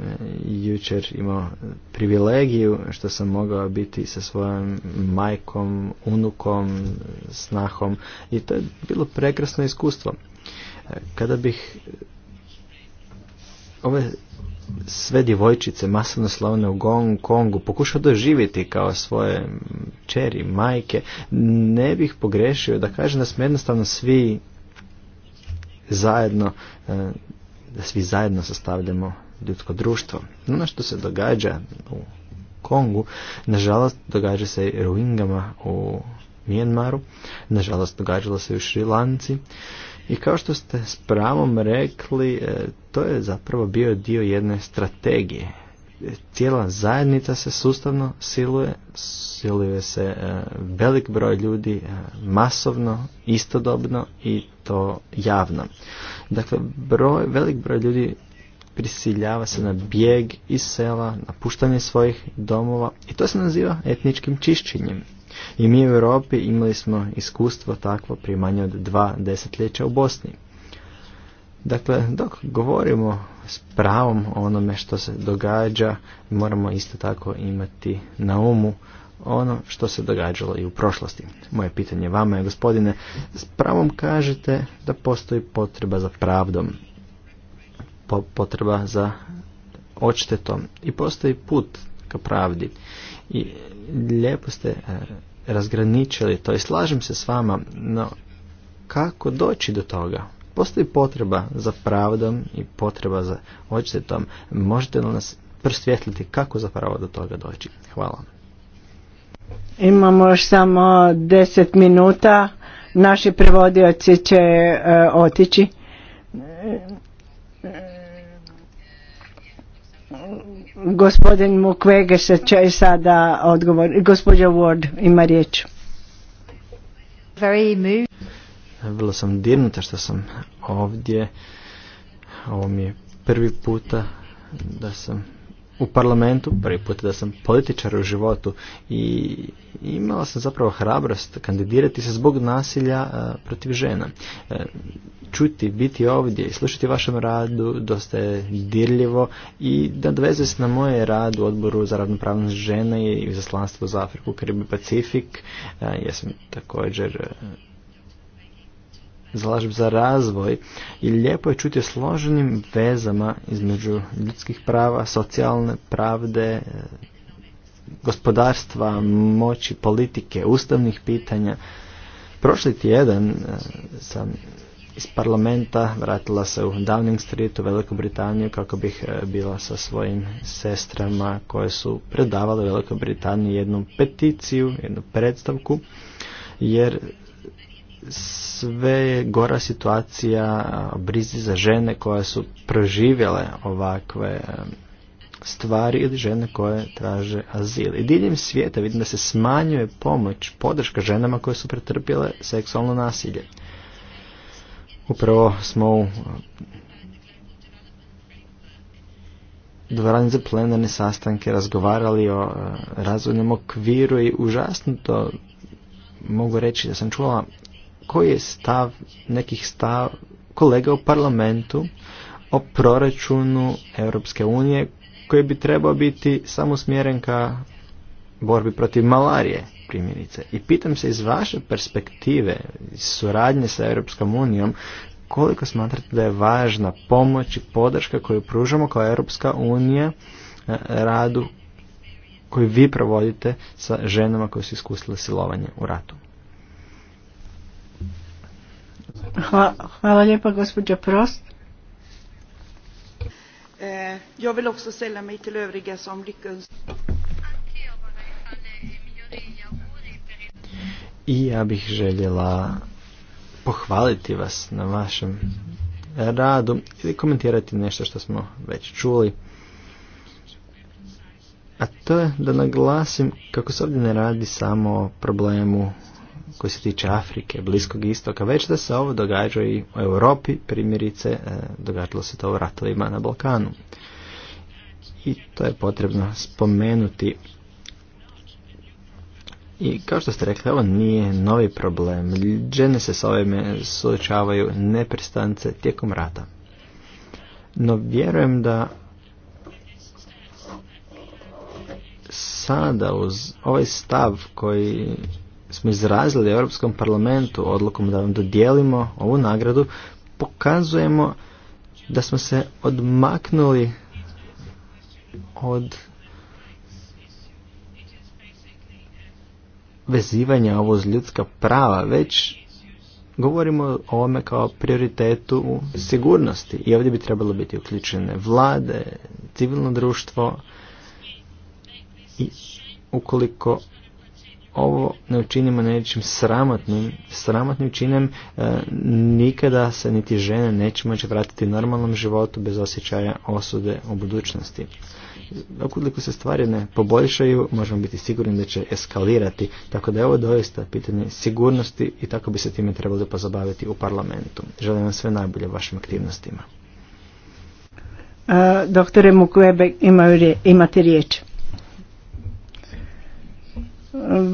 jučer imao privilegiju što sam mogao biti sa svojom majkom, unukom, snahom i to je bilo prekrasno iskustvo. E, kada bih ove sve djevojčice masovno slavne u Kongu pokušao doživjeti kao svoje čeri, majke, ne bih pogrešio da kažem da smo jednostavno svi zajedno e, da svi zajedno sastavljamo ljudsko društvo. Ono što se događa u Kongu, nažalost događa se i Rohingama u Mijenmaru, nažalost događalo se i u Šrilanci. Lanci i kao što ste s pravom rekli, e, to je zapravo bio dio jedne strategije. Cijela zajednica se sustavno siluje, siluje se e, velik broj ljudi e, masovno, istodobno i to javno. Dakle, velik broj ljudi prisiljava se na bijeg iz sela, napuštanje svojih domova i to se naziva etničkim čišćenjem. I mi u Europi imali smo iskustvo takvo prije manje od dva desetljeća u Bosni. Dakle, dok govorimo s pravom o onome što se događa, moramo isto tako imati na umu ono što se događalo i u prošlosti. Moje pitanje vama je, gospodine, s pravom kažete da postoji potreba za pravdom, potreba za odštetom i postoji put ka pravdi. I lijepo ste e, razgraničili to i slažem se s vama, no kako doći do toga? Postoji potreba za pravdom i potreba za očitom. Možete li nas prosvjetliti kako pravo do toga doći? Hvala. Imamo još samo deset minuta. Naši prevodioci će e, otići. Gospodin Mukwege se će sada odgovor. Gospodin Ward ima riječ. bilo sam dirnuta što sam ovdje. Ovo mi je prvi puta da sam u parlamentu, prvi put da sam političar u životu i imala sam zapravo hrabrost kandidirati se zbog nasilja e, protiv žena. E, čuti, biti ovdje i slušati vašem radu dosta je dirljivo i dveze se na moje rad u odboru za ravnopravnost žene i slanstvo za Afriku, Karibu i Pacifik. E, ja sam također zalažb za razvoj i lijepo je čuti složenim vezama između ljudskih prava, socijalne pravde, e, gospodarstva, moći, politike, ustavnih pitanja. Prošli tjedan e, sam iz parlamenta vratila se u Downing Street u Veliku Britaniju kako bih e, bila sa svojim sestrama koje su predavale Velikoj Britaniji jednu peticiju, jednu predstavku jer sve je gora situacija brizi za žene koje su proživjele ovakve stvari ili žene koje traže azil. I diljem svijeta vidim da se smanjuje pomoć, podrška ženama koje su pretrpjele seksualno nasilje. Upravo smo u dvorani za plenarne sastanke razgovarali o razvojnom okviru i užasno to mogu reći da sam čula koji je stav nekih stav kolega u parlamentu o proračunu Europske unije koji bi trebao biti samo smjeren ka borbi protiv malarije primjerice. I pitam se iz vaše perspektive, suradnje sa Europskom unijom, koliko smatrate da je važna pomoć i podrška koju pružamo kao Europska unija e, radu koji vi provodite sa ženama koje su iskusile silovanje u ratu. Hvala, gospođa Prost. Eh, också I ja bih željela pohvaliti vas na vašem radu ili komentirati nešto što smo već čuli. A to je da naglasim kako se ovdje ne radi samo o problemu koji se tiče Afrike, Bliskog istoka, već da se ovo događa i u Europi, primjerice e, događalo se to u ratovima na Balkanu. I to je potrebno spomenuti. I kao što ste rekli, ovo nije novi problem. Žene se s ovime suočavaju neprestance tijekom rata. No vjerujem da sada uz ovaj stav koji smo izrazili u Europskom parlamentu odlukom da vam dodijelimo ovu nagradu, pokazujemo da smo se odmaknuli od vezivanja ovo uz ljudska prava, već govorimo o ovome kao prioritetu u sigurnosti i ovdje bi trebalo biti uključene vlade, civilno društvo i ukoliko ovo ne učinimo nečim sramotnim, sramotnim činem, e, nikada se niti žene neće moći vratiti normalnom životu bez osjećaja osude u budućnosti. Ukoliko se stvari ne poboljšaju, možemo biti sigurni da će eskalirati, tako da je ovo doista pitanje sigurnosti i tako bi se time trebali pozabaviti u parlamentu. Želim vam sve najbolje vašim aktivnostima. E, doktore Mukwebe, imate riječ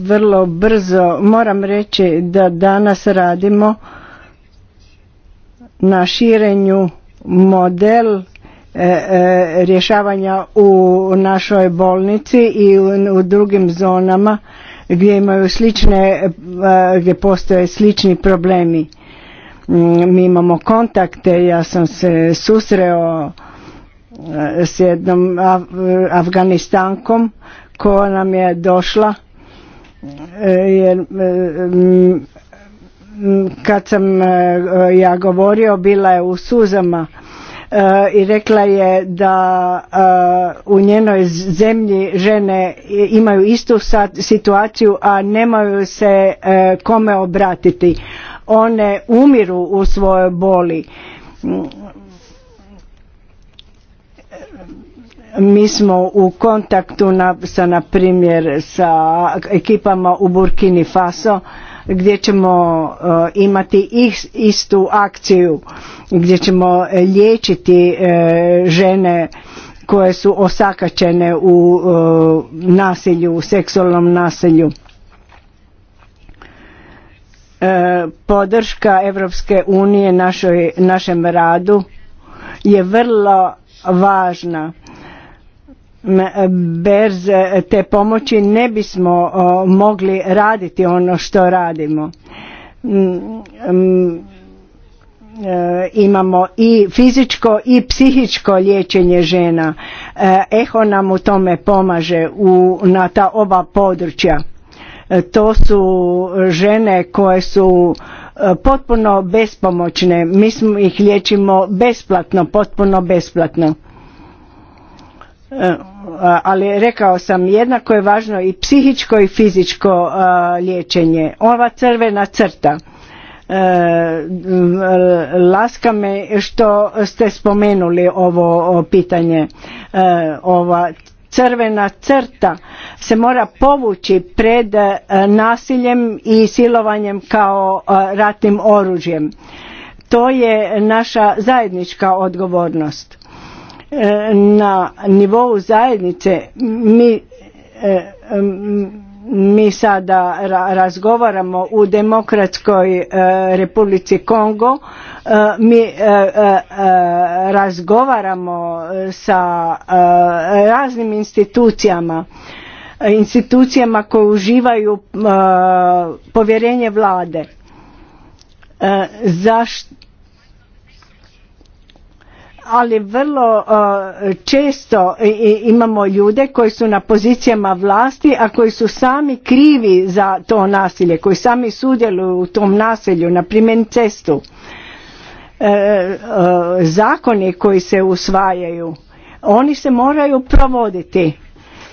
vrlo brzo moram reći da danas radimo na širenju model e, e, rješavanja u našoj bolnici i u, drugim zonama gdje imaju slične e, gdje postoje slični problemi mm, mi imamo kontakte ja sam se susreo s jednom Afganistankom koja nam je došla E, jer e, kad sam e, ja govorio bila je u suzama i rekla je da u njenoj zemlji žene imaju istu situaciju a nemaju se kome obratiti one umiru u svojoj boli mi smo u kontaktu na, sa na primjer sa ekipama u Burkini Faso gdje ćemo eh, imati istu akciju gdje ćemo eh, liječiti eh, žene koje su osakačene u uh, nasilju, u seksualnom nasilju. Podrška Evropske unije našoj, našem radu je vrlo važna bez e, te pomoći ne bismo mogli raditi ono što radimo e, imamo i fizičko i psihičko liječenje žena e, eho nam u tome pomaže u, na ta oba područja to su žene koje su potpuno bespomoćne mi ih liječimo besplatno potpuno besplatno ali rekao sam jednako je važno i psihičko i fizičko liječenje ova crvena crta laska me što ste spomenuli ovo pitanje ova crvena crta se mora povući pred nasiljem i silovanjem kao ratnim oružjem to je naša zajednička odgovornost na nivou zajednice mi e, mi sada razgovaramo u Demokratskoj e, Republici Kongo, e, mi razgovaramo sa raznim institucijama, institucijama koje uživaju povjerenje vlade. Zašto ali vrlo uh, često imamo ljude koji su na pozicijama vlasti, a koji su sami krivi za to nasilje, koji sami sudjeluju u tom nasilju, na primjer cestu. E, e, zakoni koji se usvajaju, oni se moraju provoditi.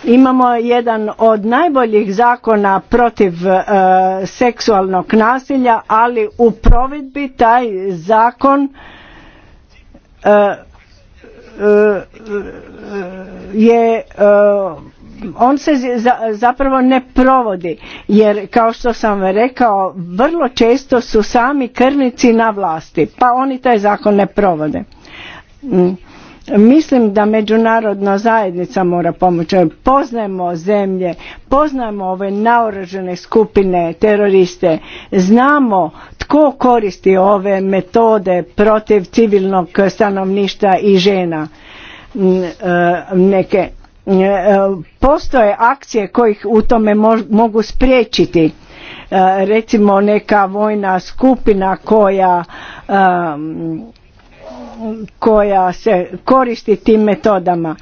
Imamo jedan od najboljih zakona protiv e, seksualnog nasilja, ali u provedbi taj zakon E, e, je e, on se zapravo ne provodi jer kao što sam rekao vrlo često su sami krvnici na vlasti pa oni taj zakon ne provode. Mm. Mislim da međunarodna zajednica mora pomoći. Poznajemo zemlje, poznajemo ove naoražene skupine teroriste, znamo tko koristi ove metode protiv civilnog stanovništva i žena. E, neke e, postoje akcije kojih u tome mogu spriječiti e, recimo neka vojna skupina koja koja se koristi tim metodama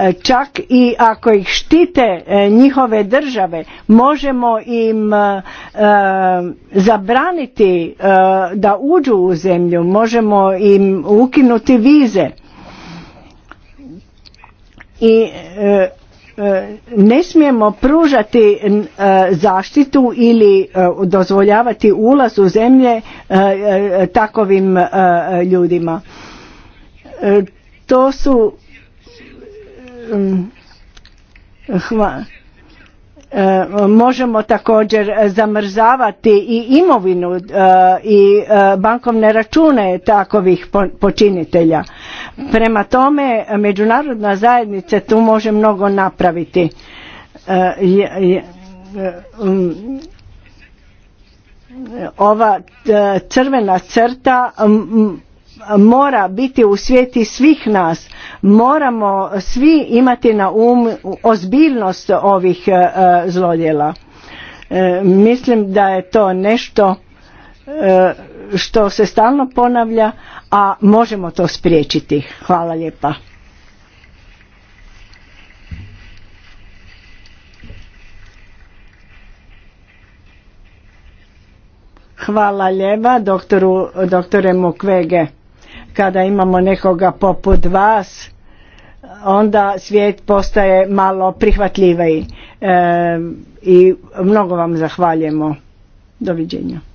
e, čak i ako ih štite e, njihove države možemo im e, zabraniti da uđu u zemlju možemo im ukinuti vize i E, ne smijemo pružati e, zaštitu ili e, dozvoljavati ulaz u zemlje takovim ljudima. To su Hvala. E, možemo također zamrzavati i imovinu e, i e, bankovne račune takovih počinitelja. Prema tome, međunarodna zajednica tu može mnogo napraviti. Um, ova crvena crta mora biti u svijeti svih nas moramo svi imati na um ozbiljnost ovih e, e, zlodjela e, mislim da je to nešto što se stalno ponavlja a možemo to spriječiti hvala lijepa Hvala lijepa doktoru, doktore Mukvege kada imamo nekoga poput vas onda svijet postaje malo prihvatljiviji e, i mnogo vam zahvaljujemo doviđenja